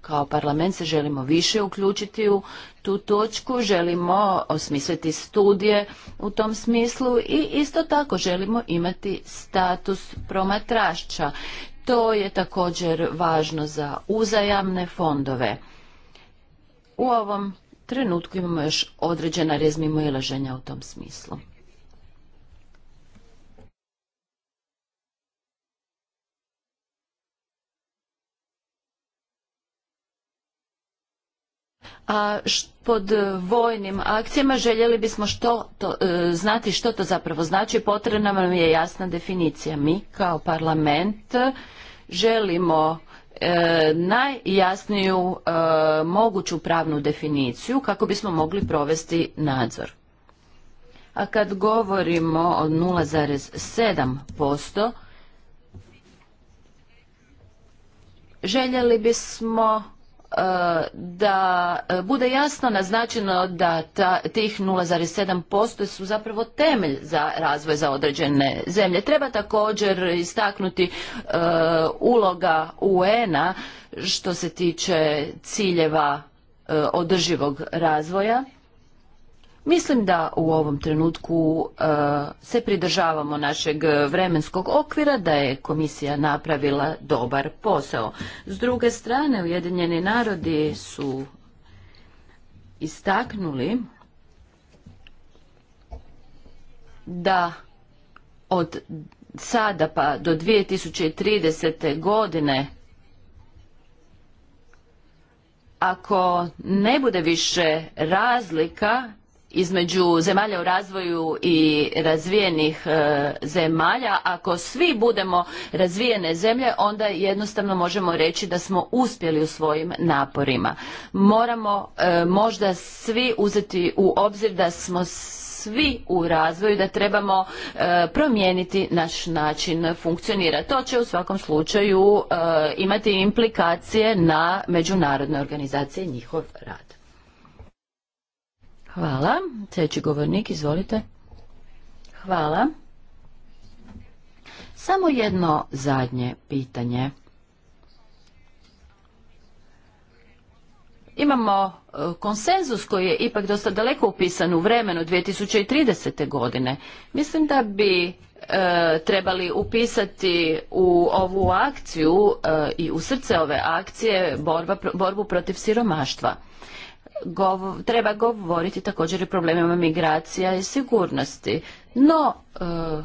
C: kao parlament se želimo više uključiti u tu točku, želimo osmisliti studije u tom smislu i isto tako želimo imati status promatrašća. To je također važno za uzajamne fondove. U ovom trenutku imamo još određena rezmi ilaženja u tom smislu. a pod vojnim akcijama željeli bismo što to, e, znati što to zapravo znači. Potrebna nam je jasna definicija. Mi kao parlament želimo e, najjasniju e, moguću pravnu definiciju kako bismo mogli provesti nadzor. A kad govorimo o 0,7%, željeli bismo da e, bude jasno naznačeno da ta, tih 0,7% su zapravo temelj za razvoj za određene zemlje. Treba također istaknuti e, uloga UN-a što se tiče ciljeva e, održivog razvoja Mislim da u ovom trenutku e, se pridržavamo našeg vremenskog okvira, da je komisija napravila dobar posao. S druge strane, Ujedinjeni narodi su istaknuli da od sada pa do 2030. godine ako ne bude više razlika između zemalja u razvoju i razvijenih e, zemalja ako svi budemo razvijene zemlje onda jednostavno možemo reći da smo uspjeli u svojim naporima moramo e, možda svi uzeti u obzir da smo svi u razvoju da trebamo e, promijeniti naš način funkcionira to će u svakom slučaju imati implikacije na međunarodne organizacije i njihov rad Hvala. Sljedeći govornik, izvolite. Hvala. Samo jedno zadnje pitanje. Imamo e, konsenzus koji je ipak dosta daleko upisan u vremenu 2030. godine. Mislim da bi e, trebali upisati u ovu akciju e, i u srce ove akcije borba, borbu protiv siromaštva treba govoriti također i problemima migracija i sigurnosti. No, e,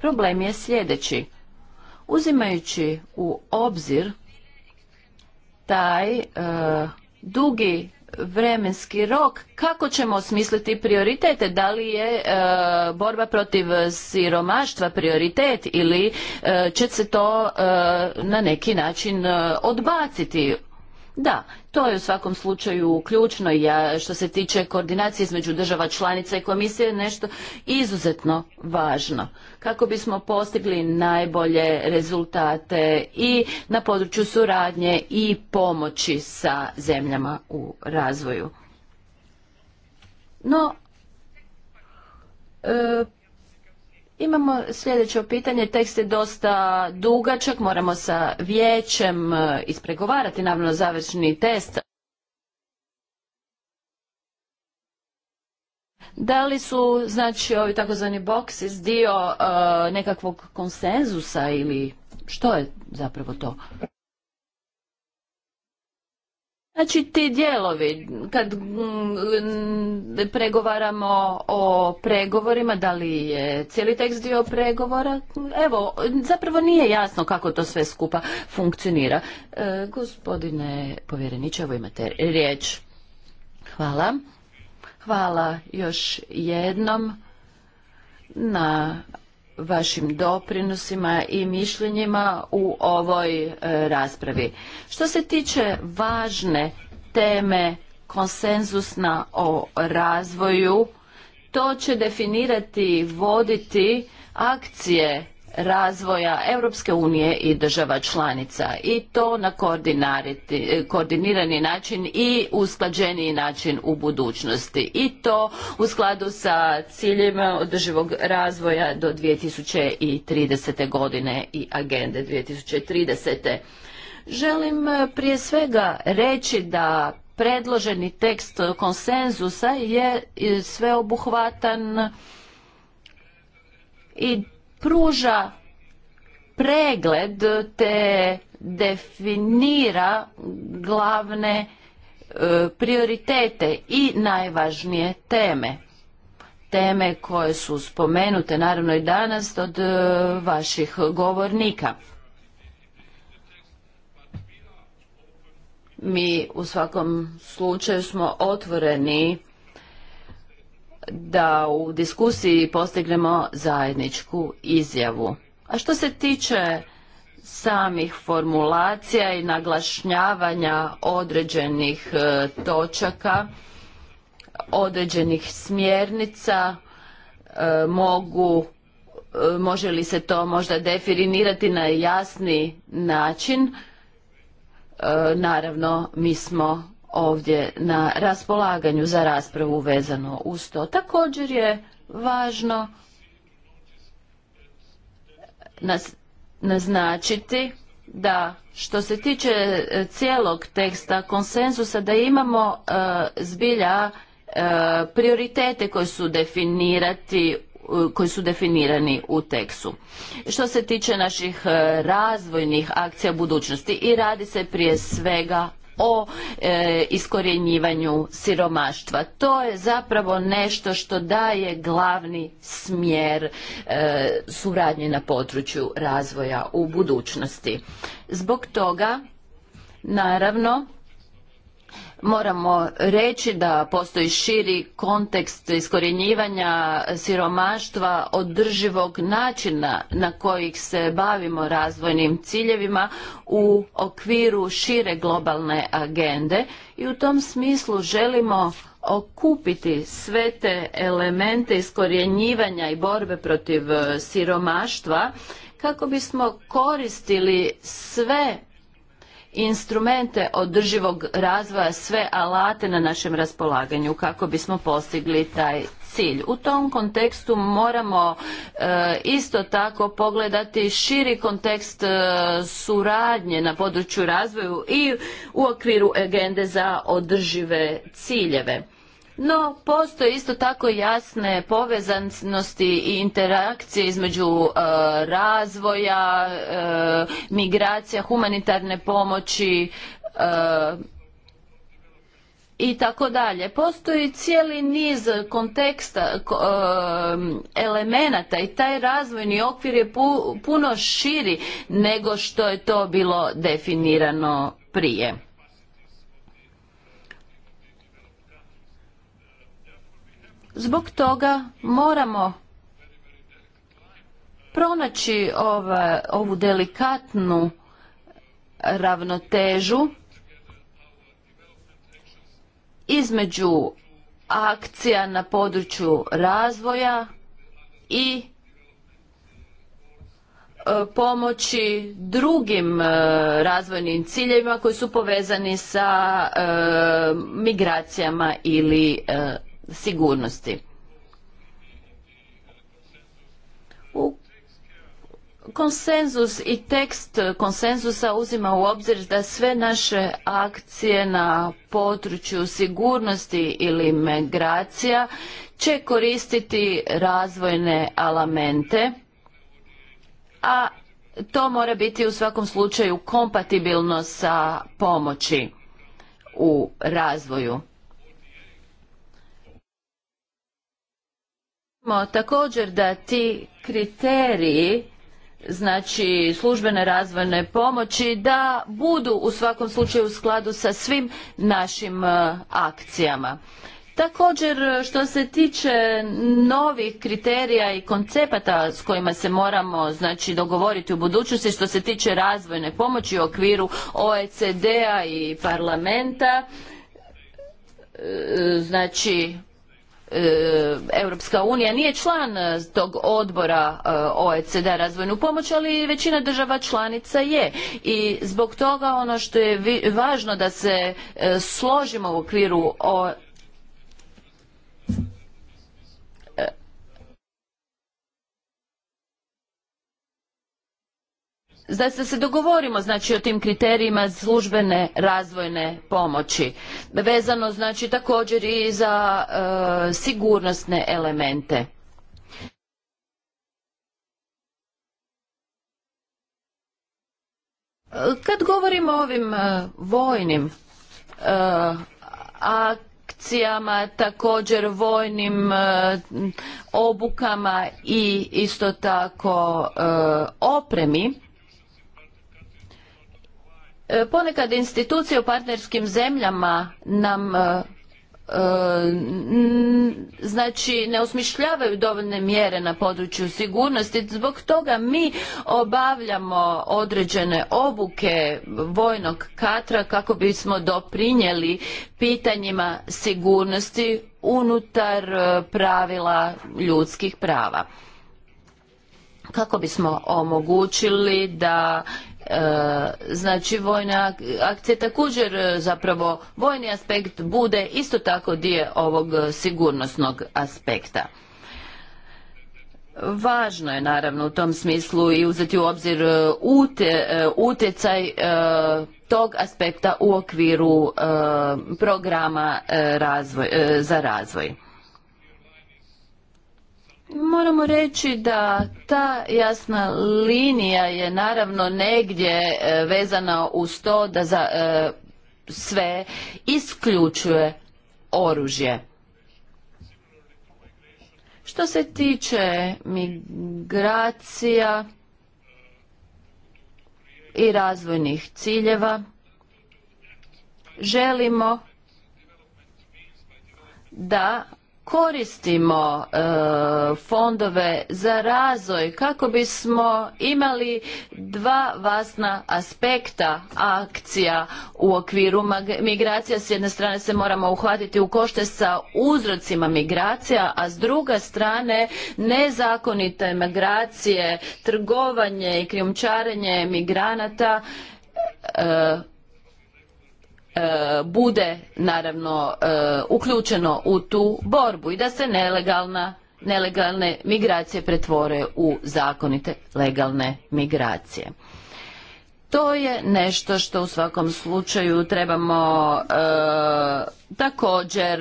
C: problem je sljedeći. Uzimajući u obzir taj e, dugi vremenski rok, kako ćemo osmisliti prioritete? Da li je e, borba protiv siromaštva prioritet ili će se to na neki način odbaciti? Da, to je u svakom slučaju ključno i što se tiče koordinacije između država članica i komisije nešto izuzetno važno kako bismo postigli najbolje rezultate i na području suradnje i pomoći sa zemljama u razvoju. No, e, Imamo sljedeće pitanje, tekst je dosta dugačak, moramo sa vijećem e, ispregovarati naravno završni test. Da li su, znači, ovi takozvani boxes dio e, nekakvog konsenzusa ili što je zapravo to? Znači ti dijelovi, kad mm, pregovaramo o pregovorima, da li je cijeli tekst dio pregovora, evo, zapravo nije jasno kako to sve skupa funkcionira. E, gospodine povjereniče, evo imate riječ. Hvala. Hvala još jednom na vašim doprinosima i mišljenjima u ovoj e, raspravi. Što se tiče važne teme konsenzusna o razvoju, to će definirati, voditi akcije razvoja Europske unije i država članica i to na koordinirani način i usklađeniji način u budućnosti i to u skladu sa ciljevima održivog razvoja do 2030. godine i agende 2030. Želim eh, prije svega reći da predloženi tekst konsenzusa je eh, sveobuhvatan i pruža pregled te definira glavne e, prioritete i najvažnije teme. Teme koje su spomenute naravno i danas od e, vaših govornika. Mi u svakom slučaju smo otvoreni da u diskusiji postignemo zajedničku izjavu. A što se tiče samih formulacija i naglašnjavanja određenih e, točaka, određenih smjernica, e, mogu, e, može li se to možda definirati na jasni način, naravno mi smo ovdje na raspolaganju za raspravu vezano uz to. Također je važno naznačiti da što se tiče e, cijelog teksta konsenzusa da imamo e, zbilja e, prioritete koji su definirati koji su definirani u tekstu. Što se tiče naših razvojnih akcija budućnosti i radi se prije svega o e, iskorjenjivanju siromaštva. To je zapravo nešto što daje glavni smjer e, suradnje na području razvoja u budućnosti. Zbog toga, naravno, moramo reći da postoji širi kontekst iskorjenjivanja siromaštva održivog načina na kojih se bavimo razvojnim ciljevima u okviru šire globalne agende i u tom smislu želimo okupiti sve te elemente iskorjenjivanja i borbe protiv siromaštva kako bismo koristili sve instrumente održivog razvoja, sve alate na našem raspolaganju kako bismo postigli taj cilj. U tom kontekstu moramo e, isto tako pogledati širi kontekst e, suradnje na području razvoju i u okviru agende za održive ciljeve. No, postoje isto tako jasne povezanosti i interakcije između e, razvoja, e, migracija, humanitarne pomoći e, i tako dalje. Postoji cijeli niz konteksta, elemenata i taj razvojni okvir je puno širi nego što je to bilo definirano prije. Zbog toga moramo pronaći ova, ovu delikatnu ravnotežu između akcija na području razvoja i e, pomoći drugim e, razvojnim ciljevima koji su povezani sa e, migracijama ili sigurnosti. U konsenzus i tekst konsenzusa uzima u obzir da sve naše akcije na području sigurnosti ili migracija će koristiti razvojne alamente, a to mora biti u svakom slučaju kompatibilno sa pomoći u razvoju. također da ti kriteriji znači službene razvojne pomoći da budu u svakom slučaju u skladu sa svim našim e, akcijama. Također što se tiče novih kriterija i koncepata s kojima se moramo znači dogovoriti u budućnosti što se tiče razvojne pomoći u okviru OECD-a i parlamenta e, znači E, Europska unija nije član e, tog odbora e, OECD razvojnu pomoć, ali većina država članica je. I zbog toga ono što je važno da se složimo u okviru o da se dogovorimo znači o tim kriterijima službene razvojne pomoći vezano znači također i za e, sigurnosne elemente kad govorimo o ovim e, vojnim e, akcijama također vojnim obukama i isto tako opremi E, ponekad institucije u partnerskim zemljama nam e, e, znači ne osmišljavaju dovoljne mjere na području sigurnosti zbog toga mi obavljamo određene obuke vojnog katra kako bismo doprinijeli pitanjima sigurnosti unutar pravila ljudskih prava kako bismo omogućili da E, znači vojne akcije također e, zapravo vojni aspekt bude isto tako dio ovog e, sigurnosnog aspekta. Važno je naravno u tom smislu i uzeti u obzir utjecaj tog aspekta u okviru programa razvoj, za razvoj. Moramo reći da ta jasna linija je naravno negdje e, vezana uz to da za e, sve isključuje oružje. Što se tiče migracija i razvojnih ciljeva, želimo da koristimo e, fondove za razvoj kako bismo imali dva vasna aspekta akcija u okviru migracija s jedne strane se moramo uhvatiti u košte sa uzrocima migracija a s druge strane nezakonite migracije trgovanje i krijumčarenje migranata e, E, bude naravno e, uključeno u tu borbu i da se nelegalne migracije pretvore u zakonite legalne migracije. To je nešto što u svakom slučaju trebamo e, također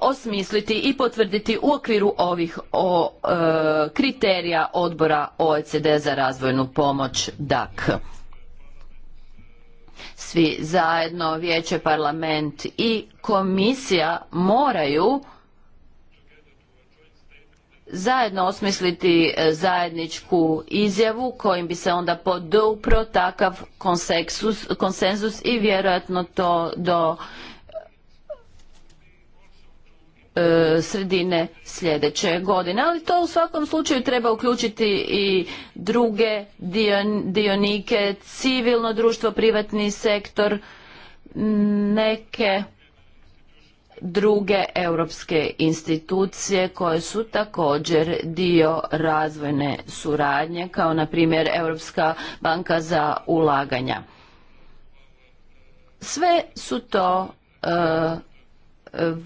C: osmisliti i potvrditi u okviru ovih o, kriterija odbora OECD za razvojnu pomoć DAC svi zajedno, vijeće, parlament i komisija moraju zajedno osmisliti e, zajedničku izjavu kojim bi se onda podupro takav konsensus i vjerojatno to do E, sredine sljedeće godine. Ali to u svakom slučaju treba uključiti i druge dionike, civilno društvo, privatni sektor, neke druge europske institucije koje su također dio razvojne suradnje kao na primjer Europska banka za ulaganja. Sve su to e,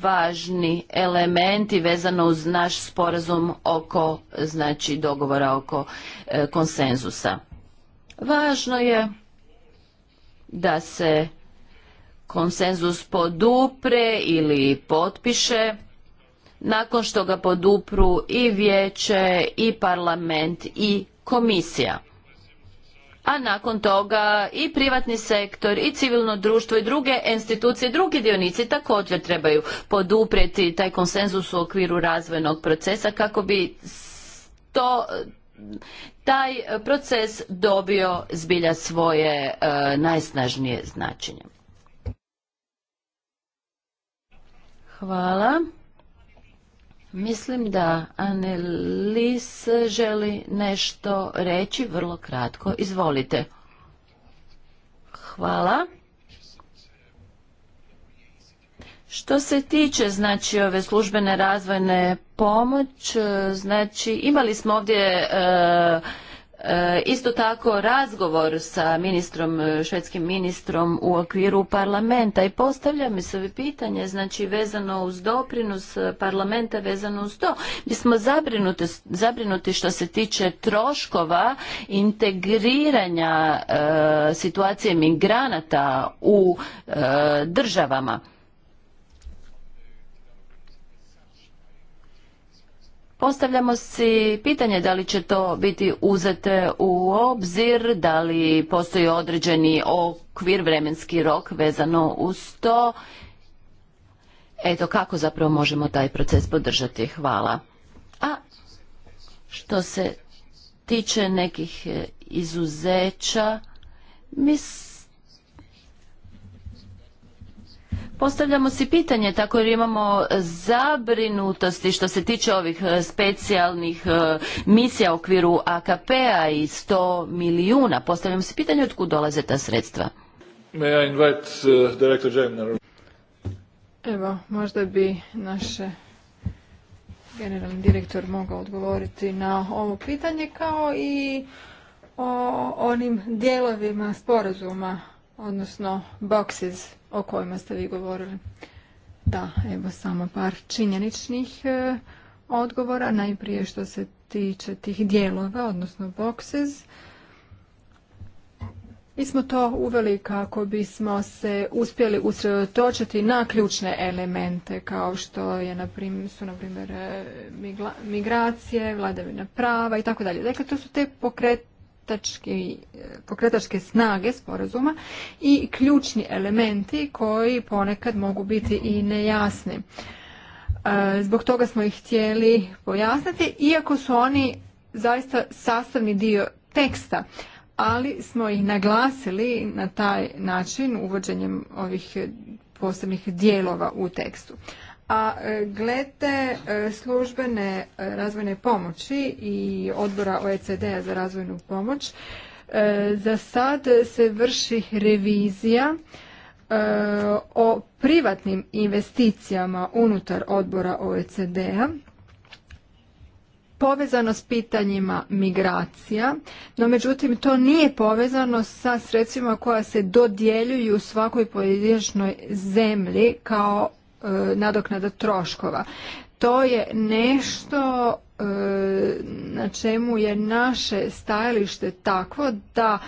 C: važni elementi vezano uz naš sporazum oko znači dogovora oko e, konsenzusa. Važno je da se konsenzus podupre ili potpiše nakon što ga podupru i vijeće i parlament i komisija a nakon toga i privatni sektor i civilno društvo i druge institucije, drugi dionici također trebaju poduprijeti taj konsenzus u okviru razvojnog procesa kako bi to taj proces dobio zbilja svoje e, najsnažnije značenje. Hvala. Mislim da Anelis želi nešto reći vrlo kratko. Izvolite. Hvala. Što se tiče znači ove službene razvojne pomoć, znači imali smo ovdje e, E, isto tako razgovor sa ministrom, e, švedskim ministrom u okviru parlamenta i postavlja mi se pitanje, znači vezano uz doprinos e, parlamenta, vezano uz to. Mi smo zabrinuti, što se tiče troškova integriranja situacije migranata u državama. Postavljamo si pitanje da li će to biti uzete u obzir, da li postoji određeni okvir, vremenski rok vezano uz to. Eto kako zapravo možemo taj proces podržati. Hvala. A što se tiče nekih e, izuzeća, mislim Postavljamo si pitanje, tako jer imamo zabrinutosti što se tiče ovih e, specijalnih e, misija u okviru AKP-a i 100 milijuna. Postavljamo si pitanje od kud dolaze ta sredstva. E, Evo, možda bi naše
B: generalni direktor mogao odgovoriti na ovo pitanje kao i o onim dijelovima sporazuma odnosno boxes o kojima ste vi govorili. Da, evo samo par činjeničnih e, odgovora. Najprije što se tiče tih dijelova, odnosno boxes. Mi smo to uveli kako bismo se uspjeli usredotočiti na ključne elemente kao što je, su na primjer e, migracije, vladavina prava i tako dalje. Dakle, to su te pokret, pokretačke snage sporazuma i ključni elementi koji ponekad mogu biti i nejasni. E, zbog toga smo ih htjeli pojasniti, iako su oni zaista sastavni dio teksta, ali smo ih naglasili na taj način uvođenjem ovih posebnih dijelova u tekstu. A e, glede e, službene e, razvojne pomoći i odbora OECD-a za razvojnu pomoć, za sad se vrši revizija o privatnim investicijama unutar odbora OECD-a povezano s pitanjima migracija, no međutim to nije povezano sa sredstvima koja se dodjeljuju svakoj pojedinačnoj zemlji kao E, nadoknada troškova. To je nešto e, na čemu je naše stajalište takvo da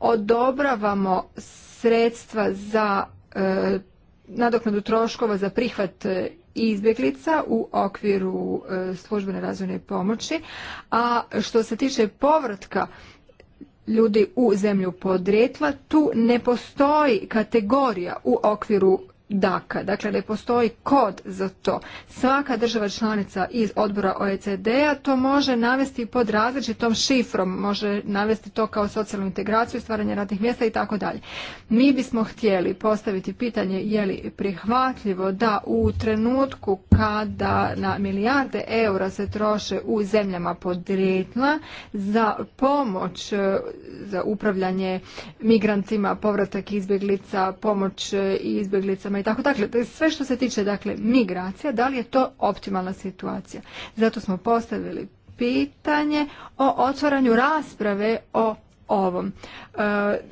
B: odobravamo sredstva za e, nadoknadu troškova za prihvat izbjeglica u okviru službene razvojne pomoći, a što se tiče povratka ljudi u zemlju podrijetla, tu ne postoji kategorija u okviru DAKA, dakle ne postoji kod za to. Svaka država članica iz odbora OECD-a to može navesti pod različitom šifrom, može navesti to kao socijalnu integraciju, stvaranje radnih mjesta i tako dalje. Mi bismo htjeli postaviti pitanje je li prihvatljivo da u trenutku kada na milijarde eura se troše u zemljama podrijetla za pomoć za upravljanje migrantima, povratak izbjeglica, pomoć i izbjeglicama i tako dakle sve što se tiče dakle migracija da li je to optimalna situacija zato smo postavili pitanje o otvaranju rasprave o ovom. E,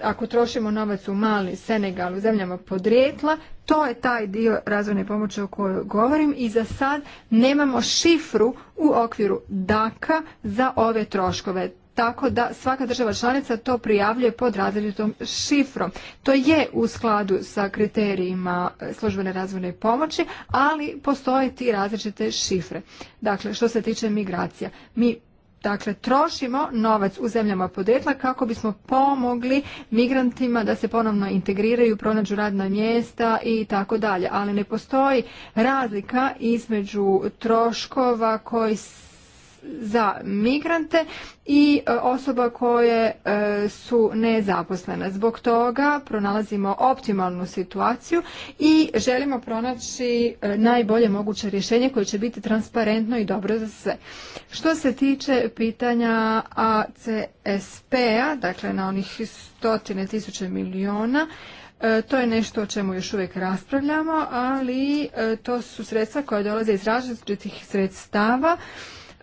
B: ako trošimo novac u Mali, Senegalu, zemljama podrijetla, to je taj dio razvojne pomoći o kojoj govorim i za sad nemamo šifru u okviru DAKA za ove troškove tako da svaka država članica to prijavljuje pod različitom šifrom. To je u skladu sa kriterijima e, službene razvojne pomoći, ali postoje ti različite šifre. Dakle, što se tiče migracija, mi Dakle, trošimo novac u zemljama podetla kako bismo pomogli migrantima da se ponovno integriraju, pronađu radna mjesta i tako dalje. Ali ne postoji razlika između troškova koji za migrante i e, osoba koje e, su nezaposlene. Zbog toga pronalazimo optimalnu situaciju i želimo pronaći e, najbolje moguće rješenje koje će biti transparentno i dobro za sve. Što se tiče pitanja ACSP-a, dakle na onih stotine tisuće miliona, to je nešto o čemu još uvijek raspravljamo, ali to su sredstva koja dolaze iz različitih sredstava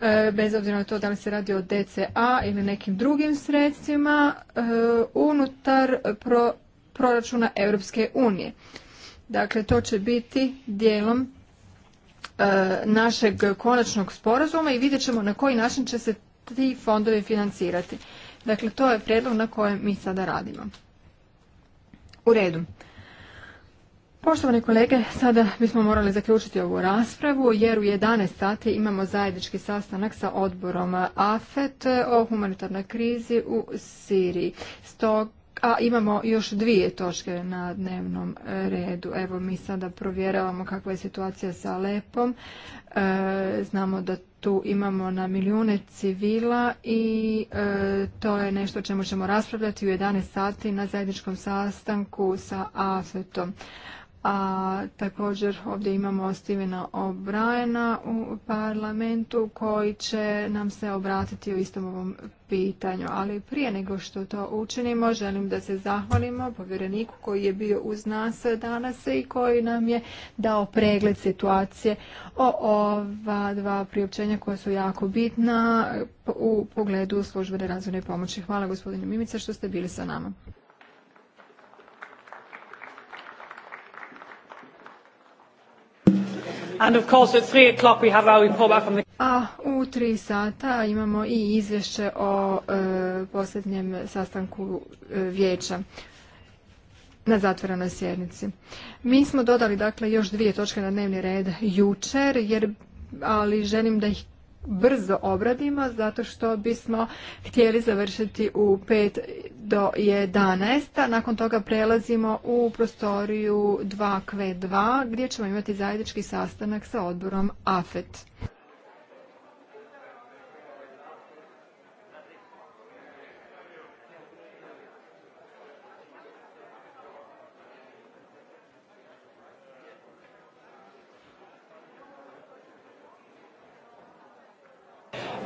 B: E, bez obzira na to da li se radi o DCA ili nekim drugim sredstvima e, unutar pro, proračuna Europske unije. Dakle, to će biti dijelom e, našeg konačnog sporazuma i vidjet ćemo na koji način će se ti fondovi financirati. Dakle, to je prijedlog na kojem mi sada radimo. U redu. Poštovani kolege, sada bismo morali zaključiti ovu raspravu jer u 11 sati imamo zajednički sastanak sa odborom AFET o humanitarnoj krizi u Siriji. a imamo još dvije točke na dnevnom redu. Evo mi sada provjeravamo kakva je situacija sa Alepom. E, znamo da tu imamo na milijune civila i e, to je nešto o čemu ćemo raspravljati u 11 sati na zajedničkom sastanku sa AFETom a također ovdje imamo Stevena O'Briena u parlamentu koji će nam se obratiti u istom ovom pitanju. Ali prije nego što to učinimo, želim da se zahvalimo povjereniku koji je bio uz nas danas i koji nam je dao pregled situacije o ova dva priopćenja koja su jako bitna u pogledu službene razvojne pomoći. Hvala gospodinu Mimica što ste bili sa nama. And A u tri sata imamo i izvješće o e, posljednjem sastanku e, vijeća na zatvorenoj sjednici. Mi smo dodali dakle još dvije točke na dnevni red jučer, jer ali želim da ih brzo obradimo zato što bismo htjeli završiti u 5 do 11, nakon toga prelazimo u prostoriju 2Q2 gdje ćemo imati zajednički sastanak sa odborom AFET.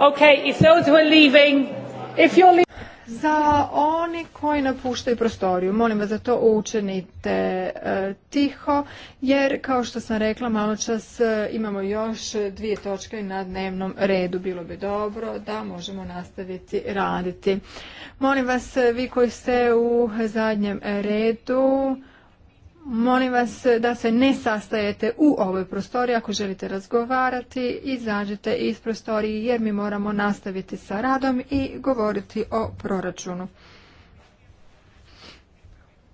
A: Okay, if leaving,
B: if Za oni koji napuštaju prostoriju, molim vas da to učinite e, tiho, jer kao što sam rekla malo čas e, imamo još dvije točke na dnevnom redu. Bilo bi dobro da možemo nastaviti raditi. Molim vas, e, vi koji ste u zadnjem redu, Molim vas da se ne sastajete u ovoj prostoriji. Ako želite razgovarati, izađite iz prostorije jer mi moramo nastaviti sa radom i govoriti o proračunu.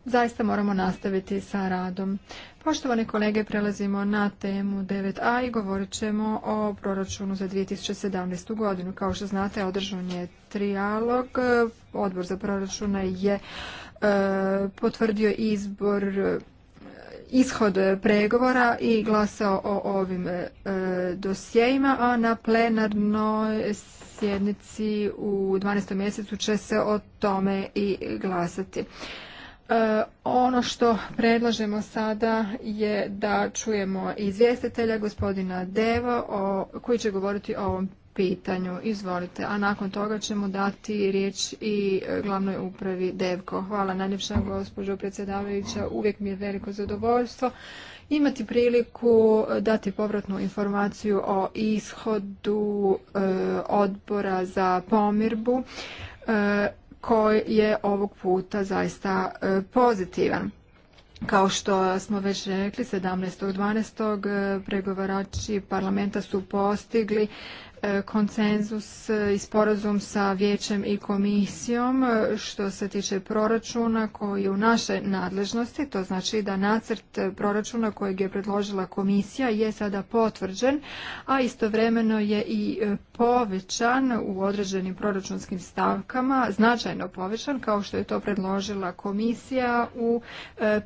B: Zaista moramo nastaviti sa radom. Poštovane kolege, prelazimo na temu 9a i govorit ćemo o proračunu za 2017. godinu. Kao što znate, održan je trijalog. Odbor za proračuna je e, potvrdio izbor ishod e, pregovora i glasao o ovim e, dosjejima, a na plenarnoj sjednici u 12. mjesecu će se o tome i glasati. E, ono što predlažemo sada je da čujemo izvjestitelja gospodina Devo koji će govoriti o ovom pitanju. Izvolite. A nakon toga ćemo dati riječ i e, glavnoj upravi Devko. Hvala najljepša gospođo predsjedavajuća. Uvijek mi je veliko zadovoljstvo imati priliku e, dati povratnu informaciju o ishodu e, odbora za pomirbu koji je ovog puta zaista pozitivan. Kao što smo već rekli, 17.12. pregovarači parlamenta su postigli E, konsenzus e, i sporazum sa vijećem i komisijom e, što se tiče proračuna koji je u našoj nadležnosti, to znači da nacrt proračuna kojeg je predložila komisija je sada potvrđen, a istovremeno je i povećan u određenim proračunskim stavkama, značajno povećan kao što je to predložila komisija u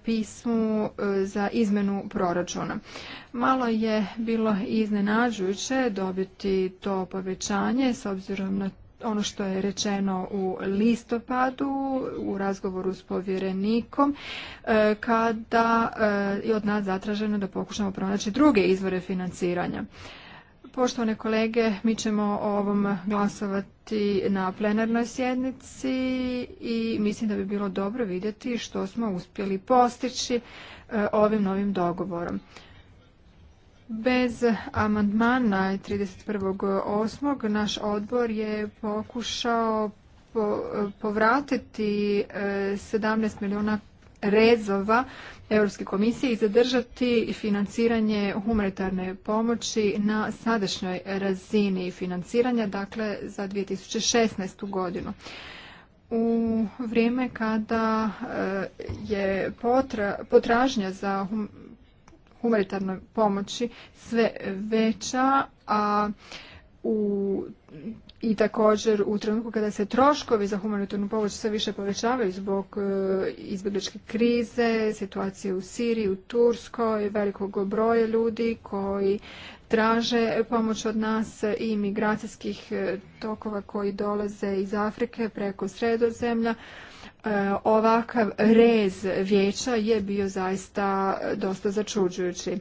B: pismu za izmenu proračuna. Malo je bilo iznenađujuće dobiti to povećanje s obzirom na ono što je rečeno u listopadu u razgovoru s povjerenikom e, kada e, je od nas zatraženo da pokušamo pronaći druge izvore financiranja. Poštovane kolege, mi ćemo o ovom glasovati na plenarnoj sjednici i mislim da bi bilo dobro vidjeti što smo uspjeli postići e, ovim novim dogovorom. Bez amandmana 31.8. naš odbor je pokušao povratiti 17 e, milijuna rezova Europske komisije i zadržati financiranje humanitarne pomoći na sadašnjoj razini financiranja, dakle za 2016. godinu. U vrijeme kada e, je potražnja za humanitarnoj pomoći sve veća, a u, i također u trenutku kada se troškovi za humanitarnu pomoć sve više povećavaju zbog e, izbjegličke krize, situacije u Siriji, u Turskoj, velikog broja ljudi koji traže pomoć od nas i migracijskih e, tokova koji dolaze iz Afrike preko sredozemlja ovakav rez vijeća je bio zaista dosta začuđujući.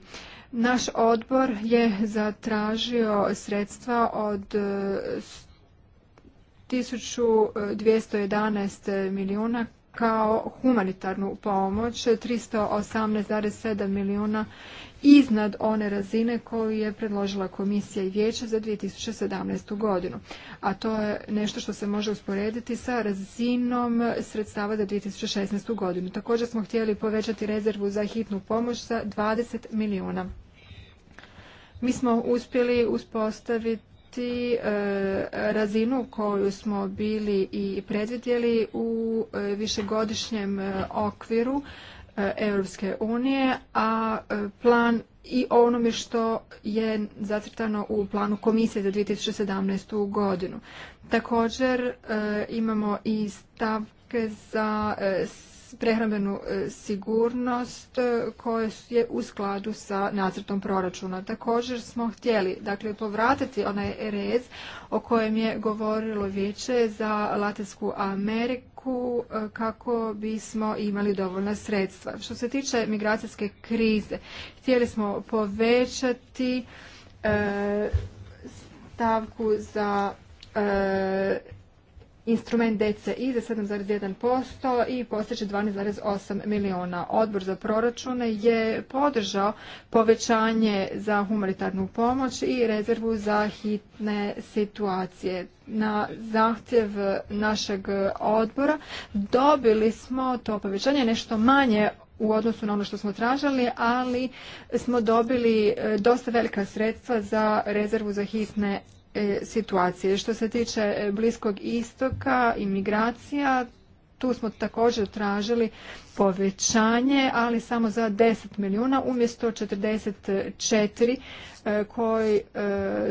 B: Naš odbor je zatražio sredstva od 1211 e, milijuna kao humanitarnu pomoć, 318,7 milijuna iznad one razine koju je predložila komisija i vijeće za 2017. godinu. A to je nešto što se može usporediti sa razinom sredstava za 2016. godinu. Također smo htjeli povećati rezervu za hitnu pomoć za 20 milijuna. Mi smo uspjeli uspostaviti e, razinu koju smo bili i predvidjeli u e, višegodišnjem e, okviru E, Europske unije, a e, plan i onome što je zacrtano u planu komisije za 2017. godinu. Također e, imamo i stavke za prehrambenu sigurnost koja je u skladu sa nacrtom proračuna. Također smo htjeli dakle, povratiti onaj rez o kojem je govorilo vijeće za Latinsku Ameriku u e, kako bismo imali dovoljna sredstva. Što se tiče migracijske krize, htjeli smo povećati e, stavku za e, instrument DCI za 7,1% i postiže 12,8 milijuna. Odbor za proračune je podržao povećanje za humanitarnu pomoć i rezervu za hitne situacije. Na zahtjev našeg odbora dobili smo to povećanje nešto manje u odnosu na ono što smo tražili, ali smo dobili e, dosta velika sredstva za rezervu za hitne E, situacije. Što se tiče e, Bliskog istoka i migracija, tu smo također tražili povećanje, ali samo za 10 milijuna umjesto 44 e, koji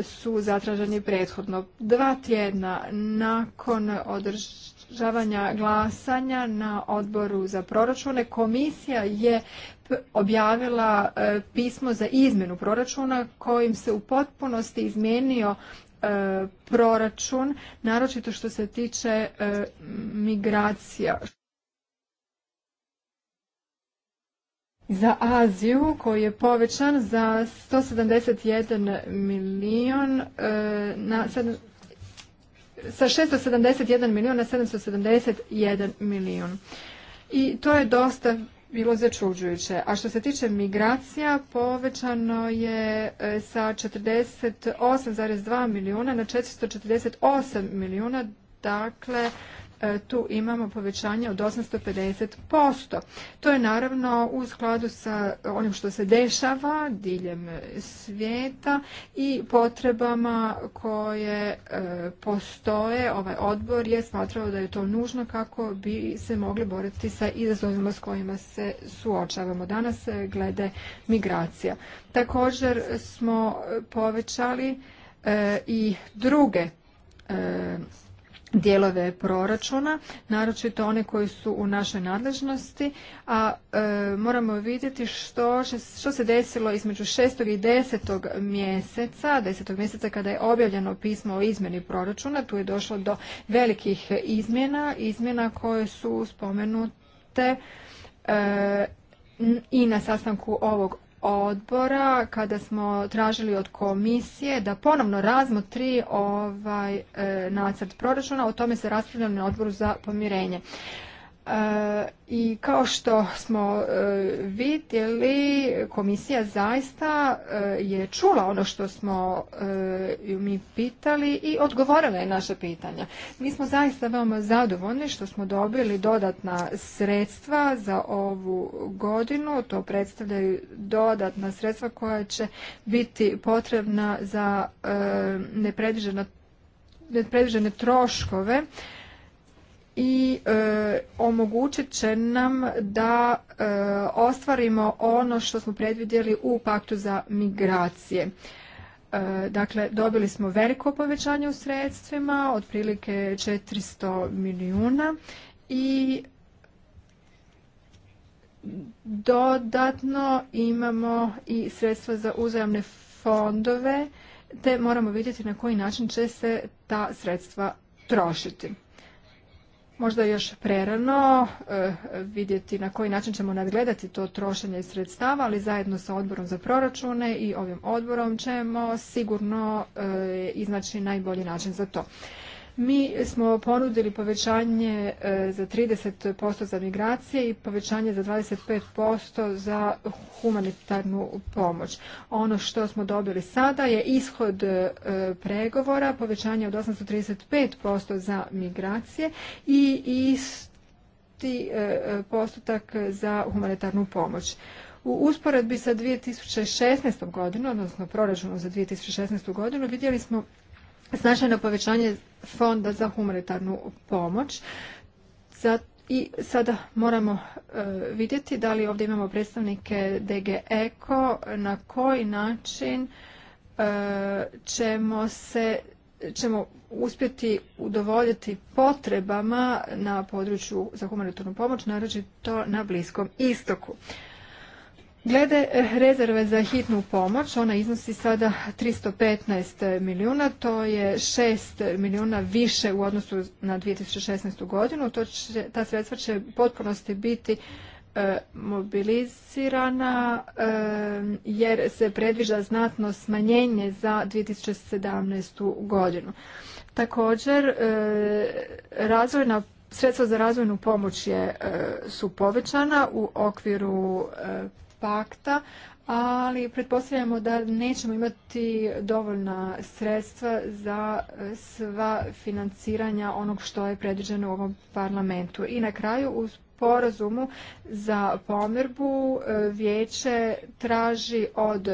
B: su zatraženi prethodno. Dva tjedna nakon održavanja glasanja na odboru za proračune komisija je objavila pismo za izmjenu proračuna kojim se u potpunosti izmijenio E, proračun, naročito što se tiče e, migracija. Za Aziju koji je povećan za 171 e, milion na sa 671 milijun na 771 milijun. I to je dosta bilo začuđujuće. A što se tiče migracija, povećano je e, sa 48,2 milijuna na 448 milijuna, dakle E, tu imamo povećanje od 850%. To je naravno u skladu sa onim što se dešava diljem svijeta i potrebama koje e, postoje. Ovaj odbor je smatrao da je to nužno kako bi se mogli boriti sa izazovima s kojima se suočavamo danas e, glede migracija. Također smo povećali i druge dijelove proračuna, naročito one koji su u našoj nadležnosti, a e, moramo vidjeti što, što se desilo između 6. i 10. mjeseca, 10. mjeseca kada je objavljeno pismo o izmjeni proračuna, tu je došlo do velikih izmjena, izmjena koje su spomenute e, i na sastanku ovog odbora kada smo tražili od komisije da ponovno razmotri ovaj e, nacrt proračuna. O tome se raspravljalo na odboru za pomirenje. E, I kao što smo e, vidjeli, komisija zaista e, je čula ono što smo mi pitali i odgovorila je naša pitanja. Mi smo zaista veoma zadovoljni što smo dobili dodatna sredstva za ovu godinu. To predstavljaju dodatna sredstva koja će biti potrebna za nepredviđene troškove i e, omogućit će nam da e, ostvarimo ono što smo predvidjeli u paktu za migracije. E, dakle, dobili smo veliko povećanje u sredstvima, otprilike 400 milijuna i dodatno imamo i sredstva za uzajamne fondove, te moramo vidjeti na koji način će se ta sredstva trošiti možda još prerano e, vidjeti na koji način ćemo nadgledati to trošenje sredstava, ali zajedno sa odborom za proračune i ovim odborom ćemo sigurno e, iznaći najbolji način za to. Mi smo ponudili povećanje e, za 30% za migracije i povećanje za 25% za humanitarnu pomoć. Ono što smo dobili sada je ishod e, pregovora, povećanje od 835% za migracije i isti e, postotak za humanitarnu pomoć. U usporedbi sa 2016. godinu, odnosno proračunom za 2016. godinu, vidjeli smo značajno povećanje fonda za humanitarnu pomoć. I sada moramo e, vidjeti da li ovdje imamo predstavnike DG Eko, na koji način e, ćemo se ćemo uspjeti udovoljiti potrebama na području za humanitarnu pomoć, naročito na Bliskom istoku. Glede eh, rezerve za hitnu pomoć, ona iznosi sada 315 milijuna, to je 6 milijuna više u odnosu na 2016. godinu. To ta sredstva će u potpunosti biti eh, mobilizirana eh, jer se predviđa znatno smanjenje za 2017. godinu. Također, razvojna Sredstva za razvojnu pomoć su povećana u okviru pakta, ali pretpostavljamo da nećemo imati dovoljna sredstva za e, sva financiranja onog što je predviđeno u ovom parlamentu. I na kraju u sporazumu za pomerbu e, vijeće traži od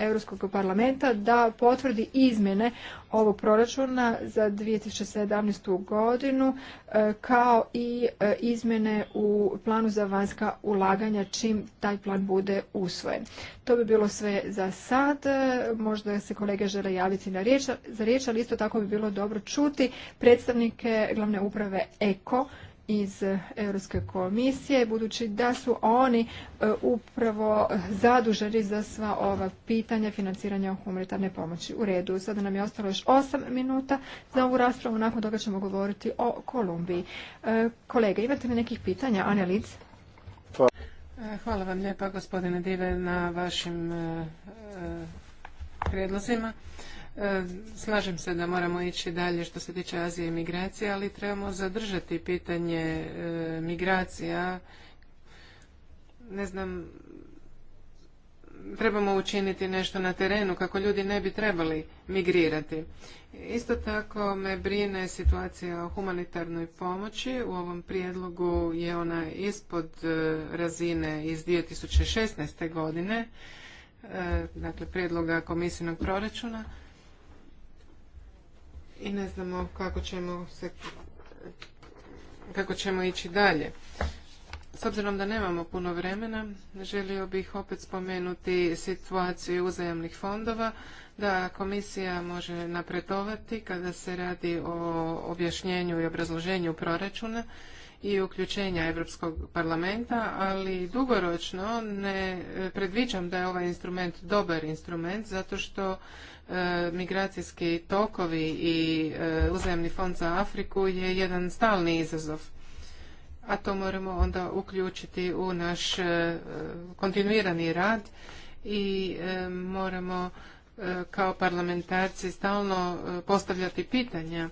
B: Europskog parlamenta da potvrdi izmjene ovog proračuna za 2017. godinu e, kao i e, izmjene u planu za vanjska ulaganja čim taj plan bude usvojen. To bi bilo sve za sad. E, možda se kolege žele javiti na riječ, za riječ, ali isto tako bi bilo dobro čuti predstavnike glavne uprave EKO iz e, Europske komisije, budući da su oni e, upravo zaduženi za sva ova pitanja financiranja humanitarne pomoći. U redu, sada nam je ostalo još 8 minuta za ovu raspravu, nakon toga ćemo govoriti o Kolumbiji. E, Kolega, imate li nekih pitanja? Anja Lic? Hvala vam lijepa gospodine
A: Dive na vašim prijedlozima. E, slažem se da moramo ići dalje što se tiče Azije i migracije, ali trebamo zadržati pitanje e, migracija. Ne znam, trebamo učiniti nešto na terenu kako ljudi ne bi trebali migrirati. Isto tako me brine situacija o humanitarnoj pomoći. U ovom prijedlogu je ona ispod e, razine iz 2016. godine, dakle prijedloga komisijnog proračuna i ne znamo kako ćemo se kako ćemo ići dalje. S obzirom da nemamo puno vremena, želio bih opet spomenuti situaciju uzajamnih fondova, da komisija može napredovati kada se radi o objašnjenju i obrazloženju proračuna i uključenja Europskog parlamenta, ali dugoročno ne e, predviđam da je ovaj instrument dobar instrument zato što e, migracijski tokovi i e, fond za Afriku je jedan stalni izazov a to moramo onda uključiti u naš e, kontinuirani rad i moramo kao parlamentarci stalno postavljati pitanja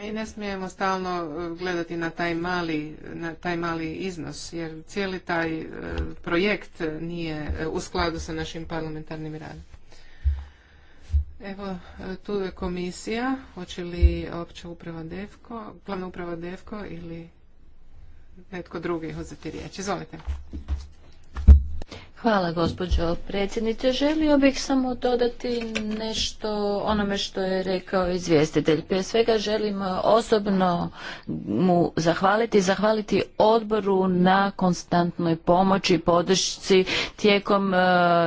A: I ne smijemo stalno e, gledati na taj mali, na taj mali iznos, jer cijeli taj e, projekt nije e, u skladu sa našim parlamentarnim radom. Evo, tu je komisija, hoće li opća uprava DEFKO, glavna uprava DEFKO ili
C: netko drugi
A: uzeti riječ. Izvolite.
C: Hvala gospođo predsjednice. Želio bih samo dodati nešto onome što je rekao izvjestitelj. Prije svega želim osobno mu zahvaliti, zahvaliti odboru na konstantnoj pomoći i podršci tijekom e,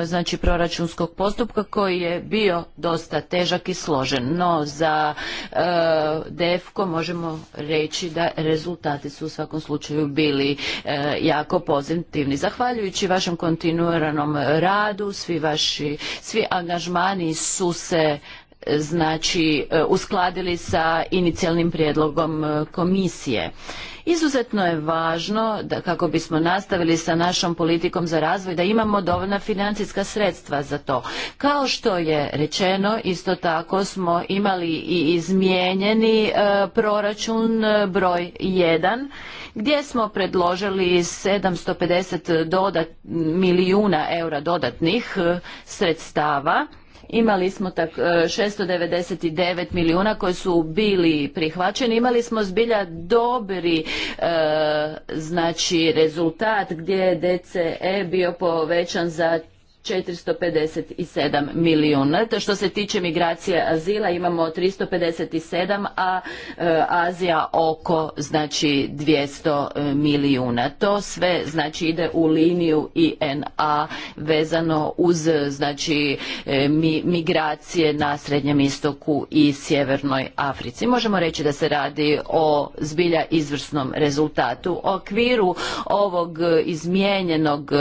C: znači, proračunskog postupka koji je bio dosta težak i složen. No za e, DEFKO možemo reći da rezultati su u svakom slučaju bili e, jako pozitivni. Zahvaljujući vašem kontinu kontinuiranom radu, svi vaši, svi angažmani su se znači e, uskladili sa inicijalnim prijedlogom e, komisije. Izuzetno je važno da kako bismo nastavili sa našom politikom za razvoj da imamo dovoljna financijska sredstva za to. Kao što je rečeno, isto tako smo imali i izmijenjeni e, proračun broj 1 gdje smo predložili 750 dodat, milijuna eura dodatnih sredstava Imali smo tak 699 e, milijuna koji su bili prihvaćeni. Imali smo zbilja dobri e, znači rezultat gdje je DCE bio povećan za 457 milijuna. što se tiče migracije azila imamo 357, a e, Azija oko znači 200 e, milijuna. To sve znači ide u liniju INA vezano uz znači e, migracije na Srednjem istoku i Sjevernoj Africi. Možemo reći da se radi o zbilja izvrsnom rezultatu. U okviru ovog izmijenjenog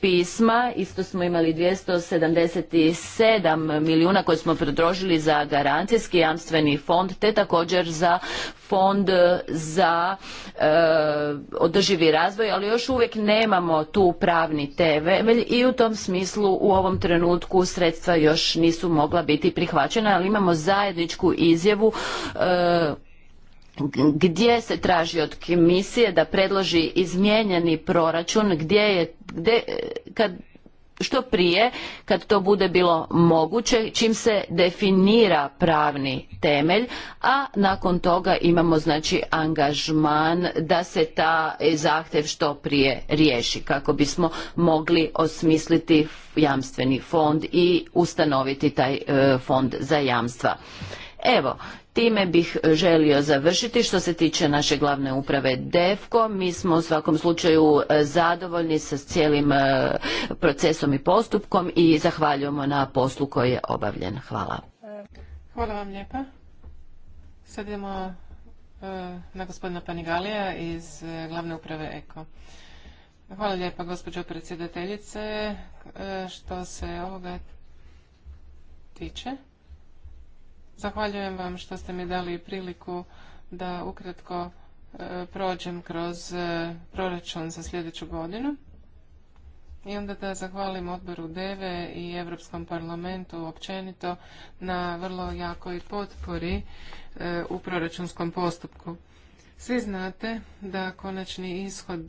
C: pisma isto smo smo imali 277 milijuna koje smo predrožili za garancijski jamstveni fond te također za fond za e, održivi razvoj, ali još uvijek nemamo tu pravni TV. i u tom smislu u ovom trenutku sredstva još nisu mogla biti prihvaćena, ali imamo zajedničku izjavu e, gdje se traži od komisije da predloži izmijenjeni proračun gdje je gdje, kad što prije kad to bude bilo moguće čim se definira pravni temelj a nakon toga imamo znači angažman da se ta e, zahtjev što prije riješi kako bismo mogli osmisliti jamstveni fond i ustanoviti taj e, fond za jamstva evo Time bih e, želio završiti što se tiče naše glavne uprave DEFKO. Mi smo u svakom slučaju e, zadovoljni sa cijelim e, procesom i postupkom i zahvaljujemo na poslu koji je obavljen. Hvala.
A: Hvala vam lijepa. Sad idemo na gospodina Panigalija iz glavne uprave EKO. Hvala lijepa gospođo predsjedateljice što se ovoga tiče. Zahvaljujem vam što ste mi dali priliku da ukratko e, prođem kroz e, proračun za sljedeću godinu. I onda da zahvalim odboru DEVE i Europskom parlamentu općenito na vrlo jakoj potpori e, u proračunskom postupku. Svi znate da konačni ishod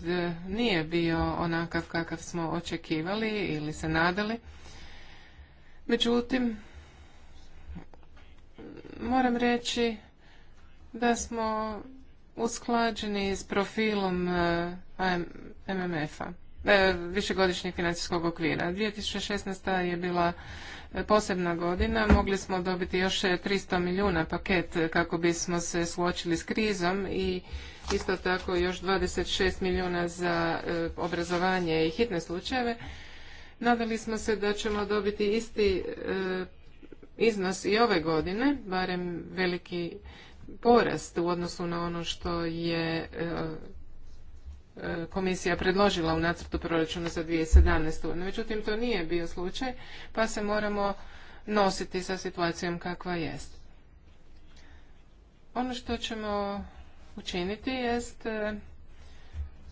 A: nije bio onakav kakav smo očekivali ili se nadali. Međutim, moram reći da smo usklađeni s profilom e, MMF-a, e, višegodišnjeg financijskog okvira. 2016. je bila e, posebna godina, mogli smo dobiti još 300 milijuna paket kako bismo se suočili s krizom i isto tako još 26 milijuna za obrazovanje i hitne slučajeve. Nadali smo se da ćemo dobiti isti iznos i ove godine, barem veliki porast u odnosu na ono što je e, e, komisija predložila u nacrtu proračuna za 2017. Međutim, to nije bio slučaj, pa se moramo nositi sa situacijom kakva jest. Ono što ćemo učiniti jest e,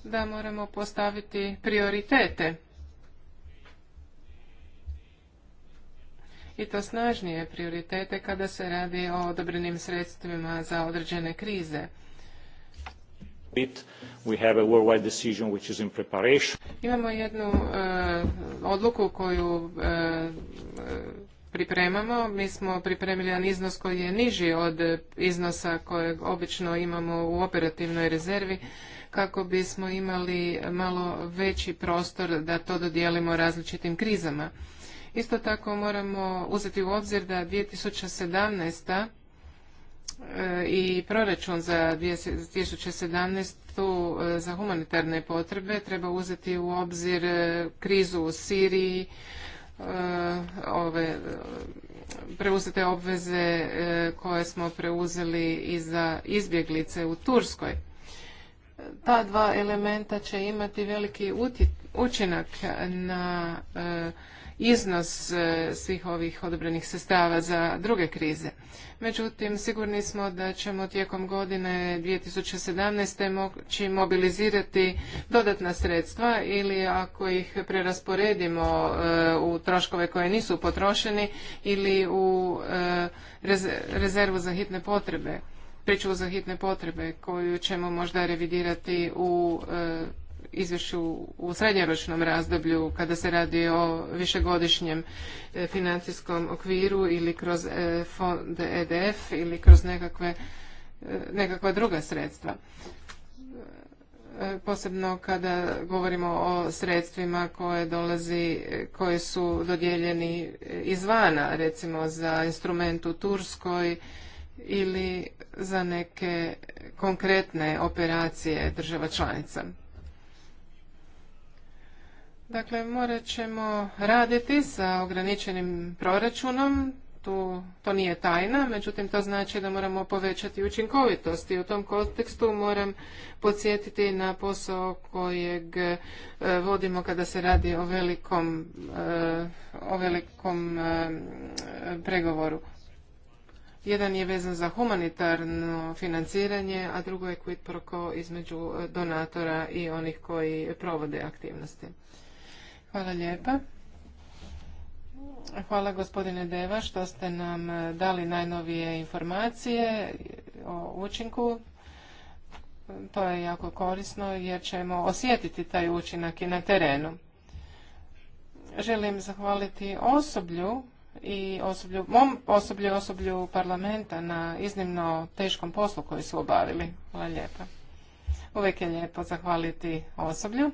A: da moramo postaviti prioritete i to snažnije prioritete kada se radi o odobrenim sredstvima za određene krize. Imamo jednu e, odluku koju e, pripremamo. Mi smo pripremili jedan iznos koji je niži od iznosa kojeg obično imamo u operativnoj rezervi kako bismo imali malo veći prostor da to dodijelimo različitim krizama. Isto tako moramo uzeti u obzir da 2017. E, i proračun za 2017. E, za humanitarne potrebe treba uzeti u obzir e, krizu u Siriji, preuzete obveze koje smo preuzeli i za izbjeglice u Turskoj. Ta dva elementa će imati veliki učinak na iznos e, svih ovih odobrenih sestava za druge krize. Međutim, sigurni smo da ćemo tijekom godine 2017. moći mobilizirati dodatna sredstva ili ako ih prerasporedimo e, u troškove koje nisu potrošeni ili u e, rezervu za hitne potrebe priču za hitne potrebe koju ćemo možda revidirati u izvješću u srednjoročnom razdoblju kada se radi o višegodišnjem e, financijskom okviru ili kroz e, fond EDF ili kroz nekakve, e, nekakva druga sredstva posebno kada govorimo o sredstvima koje dolazi, koje su dodijeljeni izvana, recimo za instrument u Turskoj ili za neke konkretne operacije država članica. Dakle, morat ćemo raditi sa ograničenim proračunom, tu, to nije tajna, međutim to znači da moramo povećati učinkovitost i u tom kontekstu moram podsjetiti na posao kojeg e, vodimo kada se radi o velikom, e, o velikom e, pregovoru. Jedan je vezan za humanitarno financiranje, a drugo je quid pro između donatora i onih koji provode aktivnosti. Hvala lijepa. Hvala gospodine Deva što ste nam eh, dali najnovije informacije o učinku. To je jako korisno jer ćemo osjetiti taj učinak i na terenu. Želim zahvaliti osoblju i osoblju, mom osoblju i osoblju parlamenta na iznimno teškom poslu koji su obavili. Hvala lijepa. Uvijek je lijepo zahvaliti osoblju.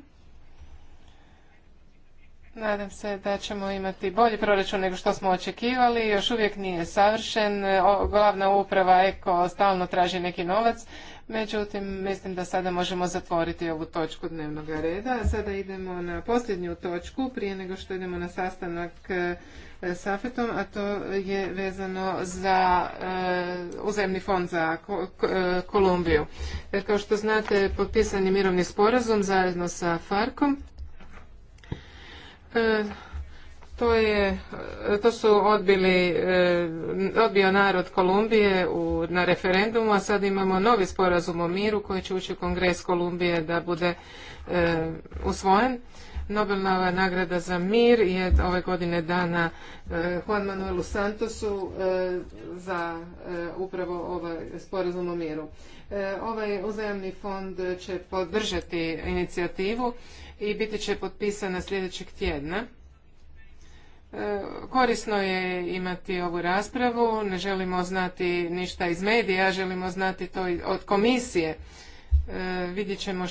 A: Nadam se da ćemo imati bolji proračun nego što smo očekivali. Još uvijek nije savršen. Glavna uprava Eko stalno traži neki novac. Međutim, mislim da sada možemo zatvoriti ovu točku dnevnog reda. Sada idemo na posljednju točku prije nego što idemo na sastanak e, s a to je vezano za e, uzemni fond za e, Kolumbiju. Jer kao što znate, potpisan je mirovni sporazum zajedno sa Farkom E, to, je, e, to su odbili, e, odbio narod Kolumbije na referendumu, a sad imamo novi sporazum o miru koji će ući u Kongres Kolumbije da bude usvojen. Nobelna nagrada za mir je ove godine dana e, Juan Manuelu Santosu e, za e, upravo ovaj sporazum o miru. Ovaj uzajamni fond će podržati inicijativu i biti će potpisana sljedećeg tjedna. Korisno je imati ovu raspravu, ne želimo znati ništa iz medija, želimo znati to od komisije E, vidjet ćemo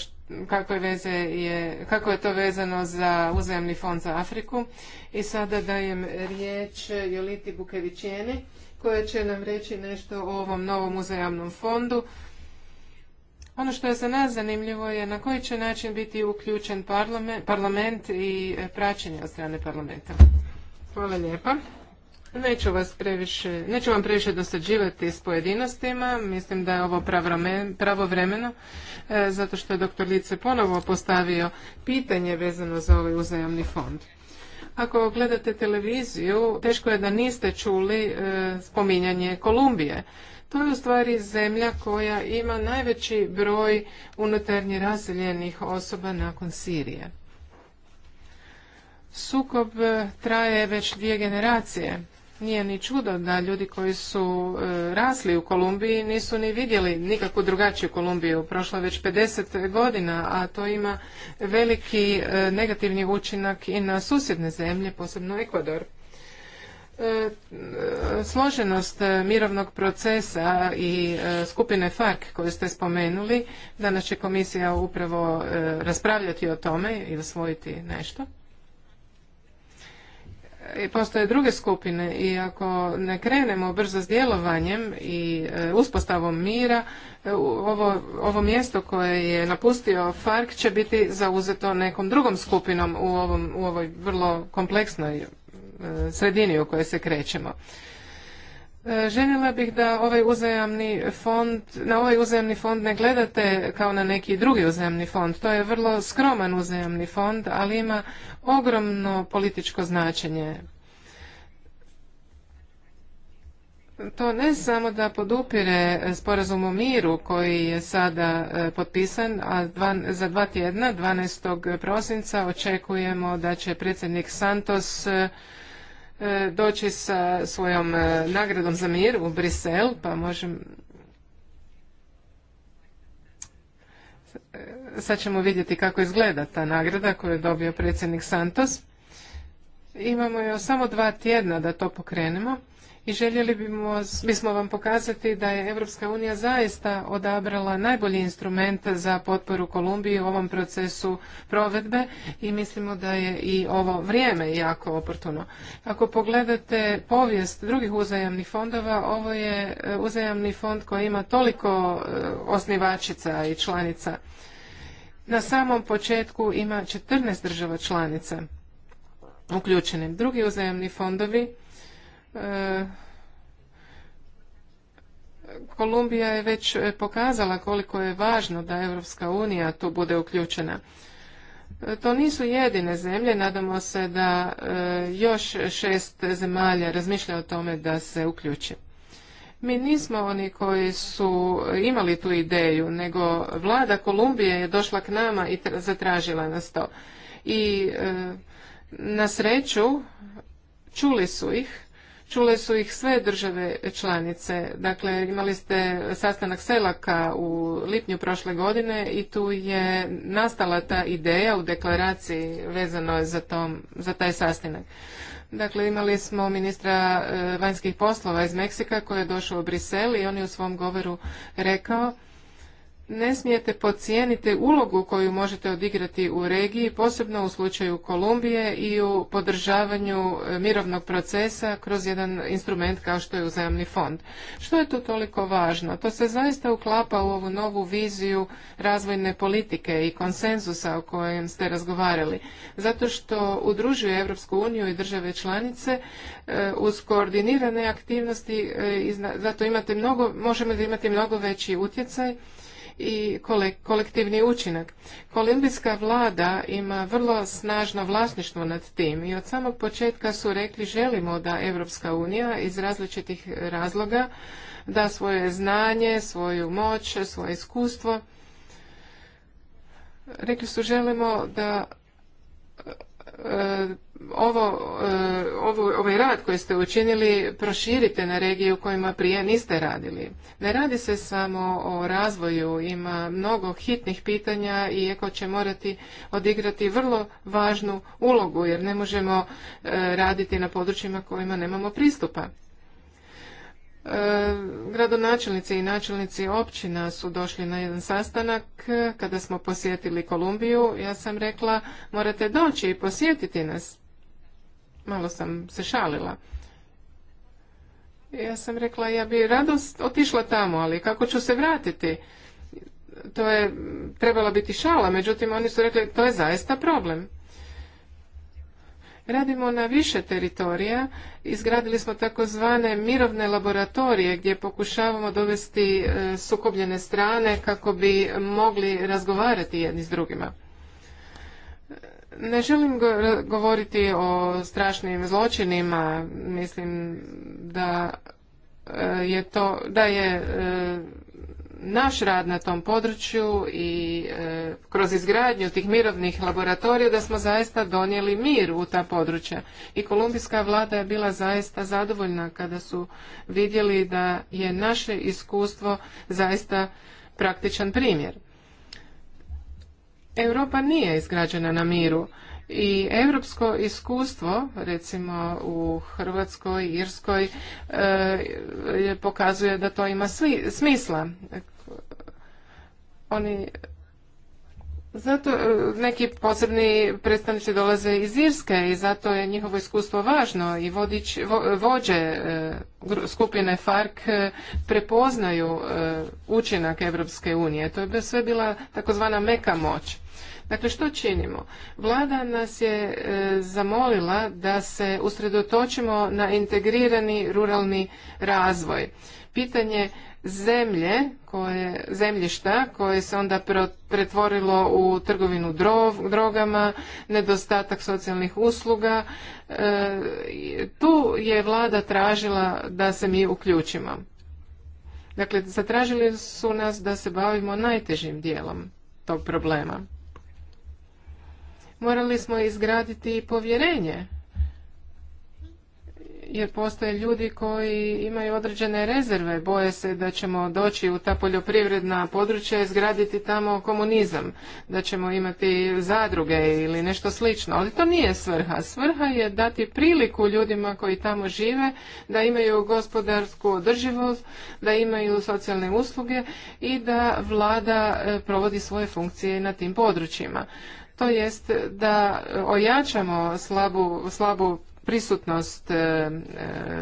A: veze je, kako je to vezano za uzajemni fond za Afriku. I sada dajem riječ Joliti Bukevićeni koja će nam reći nešto o ovom novom uzajamnom fondu. Ono što je za nas zanimljivo je na koji će način biti uključen parlament, parlament i praćenje od strane parlamenta. Hvala lijepa. Neću, vas previše, neću vam previše dosađivati s pojedinostima, mislim da je ovo pravovremeno, e, zato što je doktor Lice ponovo postavio pitanje vezano za ovaj uzajamni fond. Ako gledate televiziju, teško je da niste čuli e, spominjanje Kolumbije. To je u stvari zemlja koja ima najveći broj unutarnji raseljenih osoba nakon Sirije. Sukob e, traje već dvije generacije nije ni čudo da ljudi koji su e, rasli u Kolumbiji nisu ni vidjeli nikakvu drugačiju Kolumbiju. Prošlo je već 50 godina, a to ima veliki e, negativni učinak i na susjedne zemlje, posebno Ekvador. E, složenost mirovnog procesa i skupine FARC koju ste spomenuli, danas će komisija upravo raspravljati o tome i usvojiti nešto postoje druge skupine i ako ne krenemo brzo s djelovanjem i e, uspostavom mira, e, ovo, mjesto koje je napustio FARC će biti zauzeto nekom drugom skupinom u, ovoj vrlo kompleksnoj e, sredini u kojoj se krećemo. E, Željela bih da ovaj uzajamni fond, na ovaj uzajamni fond ne gledate kao na neki drugi uzajamni fond. To je vrlo skroman uzajamni fond, ali ima ogromno političko značenje. To ne samo da podupire sporazum o miru koji je sada e, potpisan, a za dva tjedna, 12. prosinca, očekujemo da će predsjednik Santos e, E, doći sa svojom e, nagradom za mir u Brisel, pa možem... E, sad ćemo vidjeti kako izgleda ta nagrada koju je dobio predsjednik Santos. Imamo još samo dva tjedna da to pokrenemo i željeli bismo vam pokazati da je Europska unija zaista odabrala najbolji instrument za potporu Kolumbiji u ovom procesu provedbe i mislimo da je i ovo vrijeme jako oportuno. Ako pogledate povijest drugih uzajamnih fondova, ovo je e, uzajamni fond koji ima toliko e, osnivačica i članica. Na samom početku ima 14 država članica uključene. Drugi uzajamni fondovi E, Kolumbija je već e, pokazala koliko je važno da Europska unija tu bude uključena. E, to nisu jedine zemlje, nadamo se da još šest zemalja razmišlja o tome da se uključi. Mi nismo oni koji su imali tu ideju, nego vlada Kolumbije je došla k nama i zatražila nas to. I na sreću čuli su ih Čule su ih sve države članice. Dakle, imali ste sastanak Selaka u lipnju prošle godine i tu je nastala ta ideja u deklaraciji vezano za, tom, za taj sastanak. Dakle, imali smo ministra e, vanjskih poslova iz Meksika koji je došao u Brisel i on je u svom govoru rekao ne smijete podcijeniti ulogu koju možete odigrati u regiji, posebno u slučaju Kolumbije i u podržavanju e, mirovnog procesa kroz jedan instrument kao što je uzajamni fond. Što je tu toliko važno? To se zaista uklapa u ovu novu viziju razvojne politike i konsenzusa o kojem ste razgovarali. Zato što udružuje Europsku uniju i države članice e, uz koordinirane aktivnosti, e, zato imate mnogo, možemo imati mnogo veći utjecaj i kolektivni učinak. Kolumbijska vlada ima vrlo snažno vlasništvo nad tim i od samog početka su rekli želimo da Europska unija iz različitih razloga da svoje znanje, svoju moć, svoje iskustvo. Rekli su želimo da e, ovo, e, ovaj rad koji ste učinili proširite na regiju u kojima prije niste radili. Ne radi se samo o razvoju, ima mnogo hitnih pitanja i Eko će morati odigrati vrlo važnu ulogu jer ne možemo e, raditi na područjima kojima nemamo pristupa. E, gradonačelnici i načelnici općina su došli na jedan sastanak kada smo posjetili Kolumbiju. Ja sam rekla morate doći i posjetiti nas. Malo sam se šalila. Ja sam rekla, ja bi radost otišla tamo, ali kako ću se vratiti? To je trebala biti šala, međutim oni su rekli, to je zaista problem. Radimo na više teritorija, izgradili smo takozvane mirovne laboratorije gdje pokušavamo dovesti e, sukobljene strane kako bi mogli razgovarati jedni s drugima. Ne želim govoriti o strašnim zločinima, mislim da e, je to, da je e, naš rad na tom području i e, kroz izgradnju tih mirovnih laboratorija da smo zaista donijeli mir u ta područja i kolumbijska vlada je bila zaista zadovoljna kada su vidjeli da je naše iskustvo zaista praktičan primjer Europa nije izgrađena na miru i europsko iskustvo recimo u Hrvatskoj, Irskoj e, pokazuje da to ima smisla. Oni zato e, neki posebni predstavnici dolaze iz Irske i zato je njihovo iskustvo važno i vodič, vođe e, skupine FARC e, prepoznaju učinak Evropske unije. To je sve bila takozvana meka moć. Dakle, što činimo? Vlada nas je zamolila da se usredotočimo na integrirani ruralni razvoj. Pitanje zemlje koje, zemljišta koje se onda pretvorilo u trgovinu drogama, nedostatak socijalnih usluga. E, tu je vlada tražila da se mi uključimo. Dakle, zatražili su nas da se bavimo najtežim dijelom tog problema. Morali smo izgraditi povjerenje jer postoje ljudi koji imaju određene rezerve, boje se da ćemo doći u ta poljoprivredna područja i zgraditi tamo komunizam, da ćemo imati zadruge ili nešto slično, ali to nije svrha. Svrha je dati priliku ljudima koji tamo žive da imaju gospodarsku održivost, da imaju socijalne usluge i da vlada e, provodi svoje funkcije na tim područjima. To jest da e, ojačamo slabu, slabu prisutnost e, e,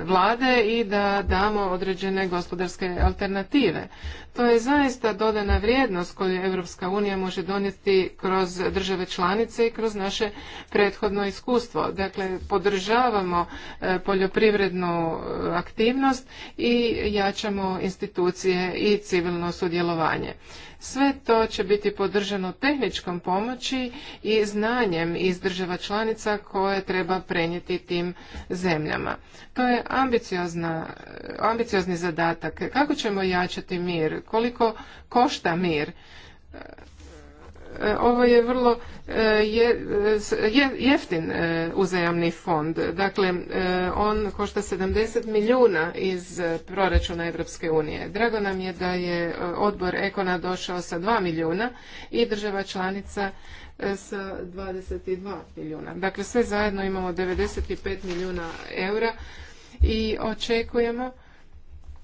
A: vlade i da damo određene gospodarske alternative. To je zaista dodana vrijednost koju Europska unija može donijeti kroz države članice i kroz naše prethodno iskustvo. Dakle, podržavamo e, poljoprivrednu e, aktivnost i jačamo institucije i civilno sudjelovanje. Sve to će biti podržano tehničkom pomoći i znanjem iz država članica koje treba prenijeti tim zemljama. To je ambiciozni zadatak. Kako ćemo jačati mir? Koliko košta mir? E, ovo je vrlo e, je, jeftin e, uzajamni fond. Dakle, on košta 70 milijuna iz proračuna Europske unije. Drago nam je da je odbor Ekona došao sa 2 milijuna i država članica sa 22 milijuna. Dakle, sve zajedno imamo 95 milijuna eura i očekujemo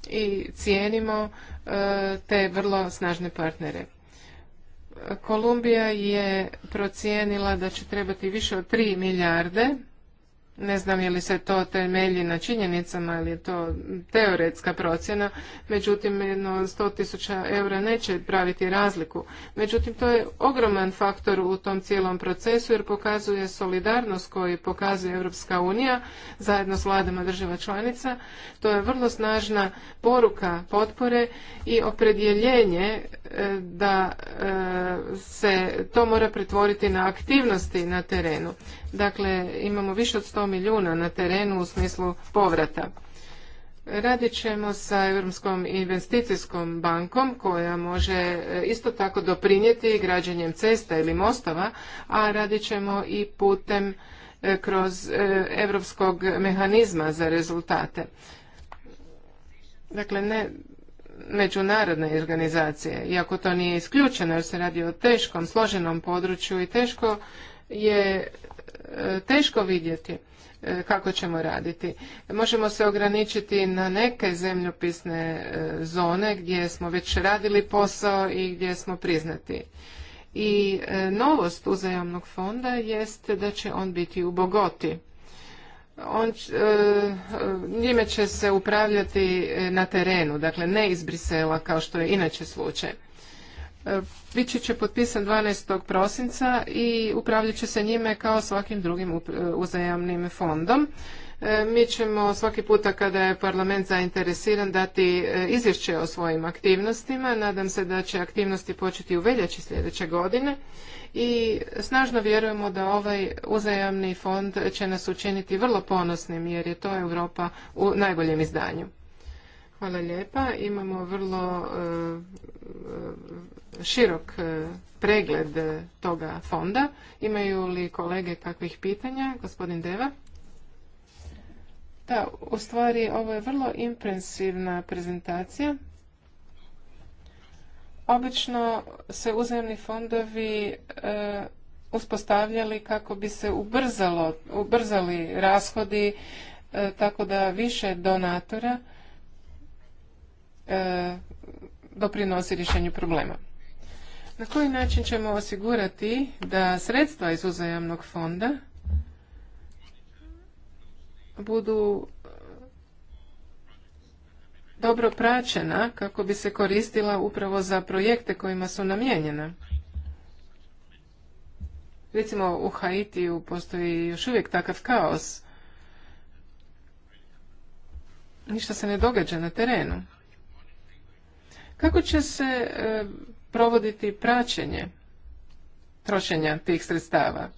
A: i cijenimo e, te vrlo snažne partnere. Kolumbija je procijenila da će trebati više od 3 milijarde ne znam je li se to temelji na činjenicama ili je to teoretska procjena, međutim jedno 100.000 eura neće praviti razliku. Međutim, to je ogroman faktor u tom cijelom procesu jer pokazuje solidarnost koju pokazuje Europska unija zajedno s vladama država članica. To je vrlo snažna poruka potpore i opredjeljenje e, da e, se to mora pretvoriti na aktivnosti na terenu. Dakle, imamo više od 100 milijuna na terenu u smislu povrata. Radit ćemo sa Europskom investicijskom bankom koja može e, isto tako doprinijeti građenjem cesta ili mostova, a radit ćemo i putem e, kroz e, europskog mehanizma za rezultate. Dakle, ne međunarodne organizacije, iako to nije isključeno jer se radi o teškom, složenom području i teško je teško vidjeti e, kako ćemo raditi. Možemo se ograničiti na neke zemljopisne e, zone gdje smo već radili posao i gdje smo priznati. I e, novost uzajamnog fonda jest da će on biti u Bogoti. On, njime će se upravljati na terenu, dakle ne iz Brisela kao što je inače slučaj. E, Biće će potpisan 12. prosinca i upravljat će se njime kao svakim drugim e, uzajamnim fondom. E, Mi ćemo svaki puta kada je parlament zainteresiran dati izvješće o svojim aktivnostima. Nadam se da će aktivnosti početi u veljači sljedeće godine i snažno vjerujemo da ovaj uzajamni fond će nas učiniti vrlo ponosnim jer je to Europa u najboljem izdanju. Hvala lijepa. Imamo vrlo širok e, pregled e, toga fonda. Imaju li kolege kakvih pitanja? Gospodin Deva. Da, u stvari ovo je vrlo impresivna prezentacija. Obično se uzemni fondovi e, uspostavljali kako bi se ubrzalo, ubrzali rashodi tako da više donatora e, doprinosi rješenju problema. Na koji način ćemo osigurati da sredstva iz uzajamnog fonda budu e, dobro praćena kako bi se koristila upravo za projekte kojima su namijenjena. Recimo u Haitiju postoji još uvijek takav kaos. Ništa se ne događa na terenu. Kako će se e, provoditi praćenje trošenja tih sredstava.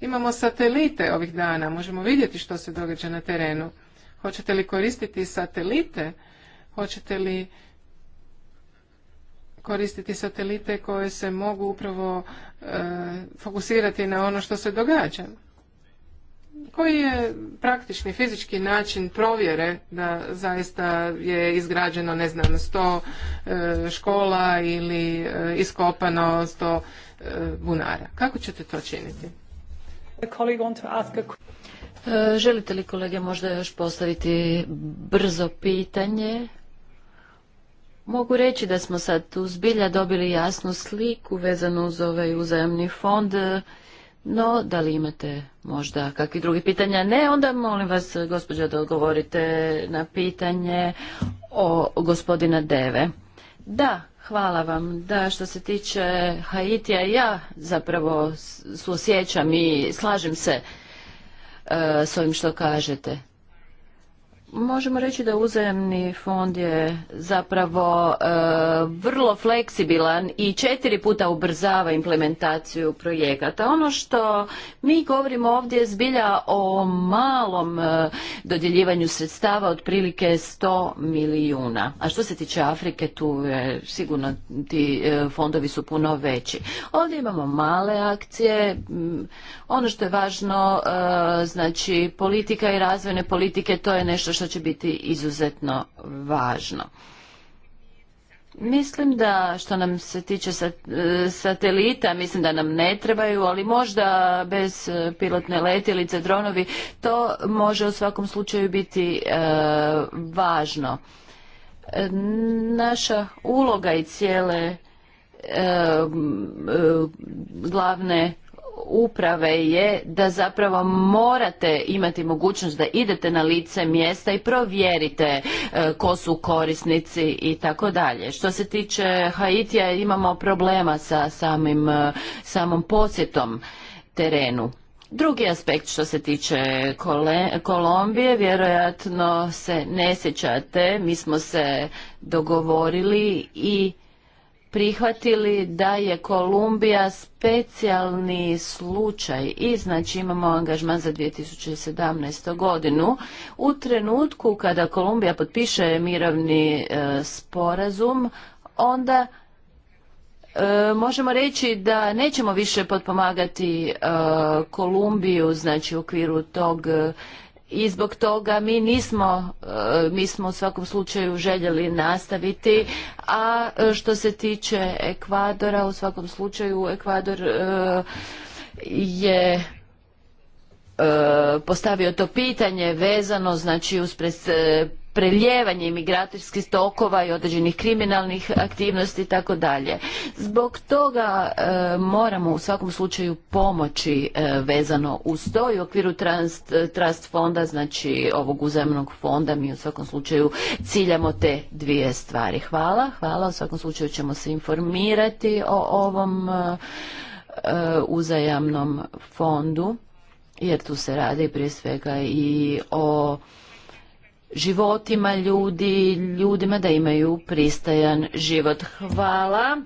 A: Imamo satelite ovih dana, možemo vidjeti što se događa na terenu. Hoćete li koristiti satelite? Hoćete li koristiti satelite koje se mogu upravo e, fokusirati na ono što se događa? koji je praktični fizički način provjere da zaista je izgrađeno ne znam 100 e, škola ili e, iskopano 100 e, bunara. Kako ćete to
C: činiti? Želite li kolege možda još postaviti brzo pitanje? Mogu reći da smo sad tu zbilja dobili jasnu sliku vezanu uz ovaj uzajamni fond no, da li imate možda kakvi drugi pitanja? Ne, onda molim vas, gospođo, da odgovorite na pitanje o gospodina Deve. Da, hvala vam. Da, što se tiče Haitija, ja zapravo suosjećam i slažem se e, s ovim što kažete. Možemo reći da uzajemni fond je zapravo e, vrlo fleksibilan i četiri puta ubrzava implementaciju projekata. Ono što mi govorimo ovdje je zbilja o malom e, dodjeljivanju sredstava, otprilike 100 milijuna. A što se tiče Afrike, tu je sigurno ti e, fondovi su puno veći. Ovdje imamo male akcije. Mm, ono što je važno, znači politika i razvojne politike, to je nešto što će biti izuzetno važno. Mislim da što nam se tiče e, satelita, mislim da nam ne trebaju, ali možda bez e, pilotne letjelice, dronovi, to može u svakom slučaju biti e, važno. Naša uloga i cijele glavne uprave je da zapravo morate imati mogućnost da idete na lice mjesta i provjerite e, ko su korisnici i tako dalje. Što se tiče Haitija imamo problema sa samim, e, samom posjetom terenu. Drugi aspekt što se tiče Kolombije, vjerojatno se ne sjećate, mi smo se dogovorili i prihvatili da je Kolumbija specijalni slučaj i znači imamo angažman za 2017. godinu. U trenutku kada Kolumbija potpiše mirovni e, sporazum, onda e, možemo reći da nećemo više potpomagati e, Kolumbiju znači u okviru tog i zbog toga mi nismo, e, mi smo u svakom slučaju željeli nastaviti, a e, što se tiče Ekvadora, u svakom slučaju Ekvador e, je postavio to pitanje vezano znači uz prelijevanje imigracijskih tokova i određenih kriminalnih aktivnosti i tako dalje. Zbog toga e, moramo u svakom slučaju pomoći e, vezano uz to i u okviru e, trust, fonda, znači ovog uzemnog fonda mi u svakom slučaju ciljamo te dvije stvari. Hvala, hvala, u svakom slučaju ćemo se informirati o ovom uzajamnom fondu jer tu se radi prije svega i o životima ljudi, ljudima da imaju pristajan život. Hvala.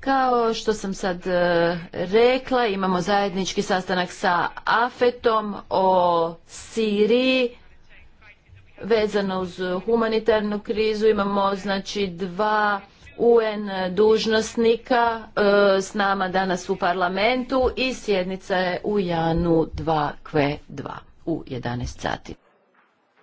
C: Kao što sam sad e, rekla, imamo zajednički sastanak sa Afetom o Siriji vezano uz humanitarnu krizu. Imamo znači dva UN dužnosnika e, s nama danas u parlamentu i sjednica je u Janu 2 kve 2 u 11 sati.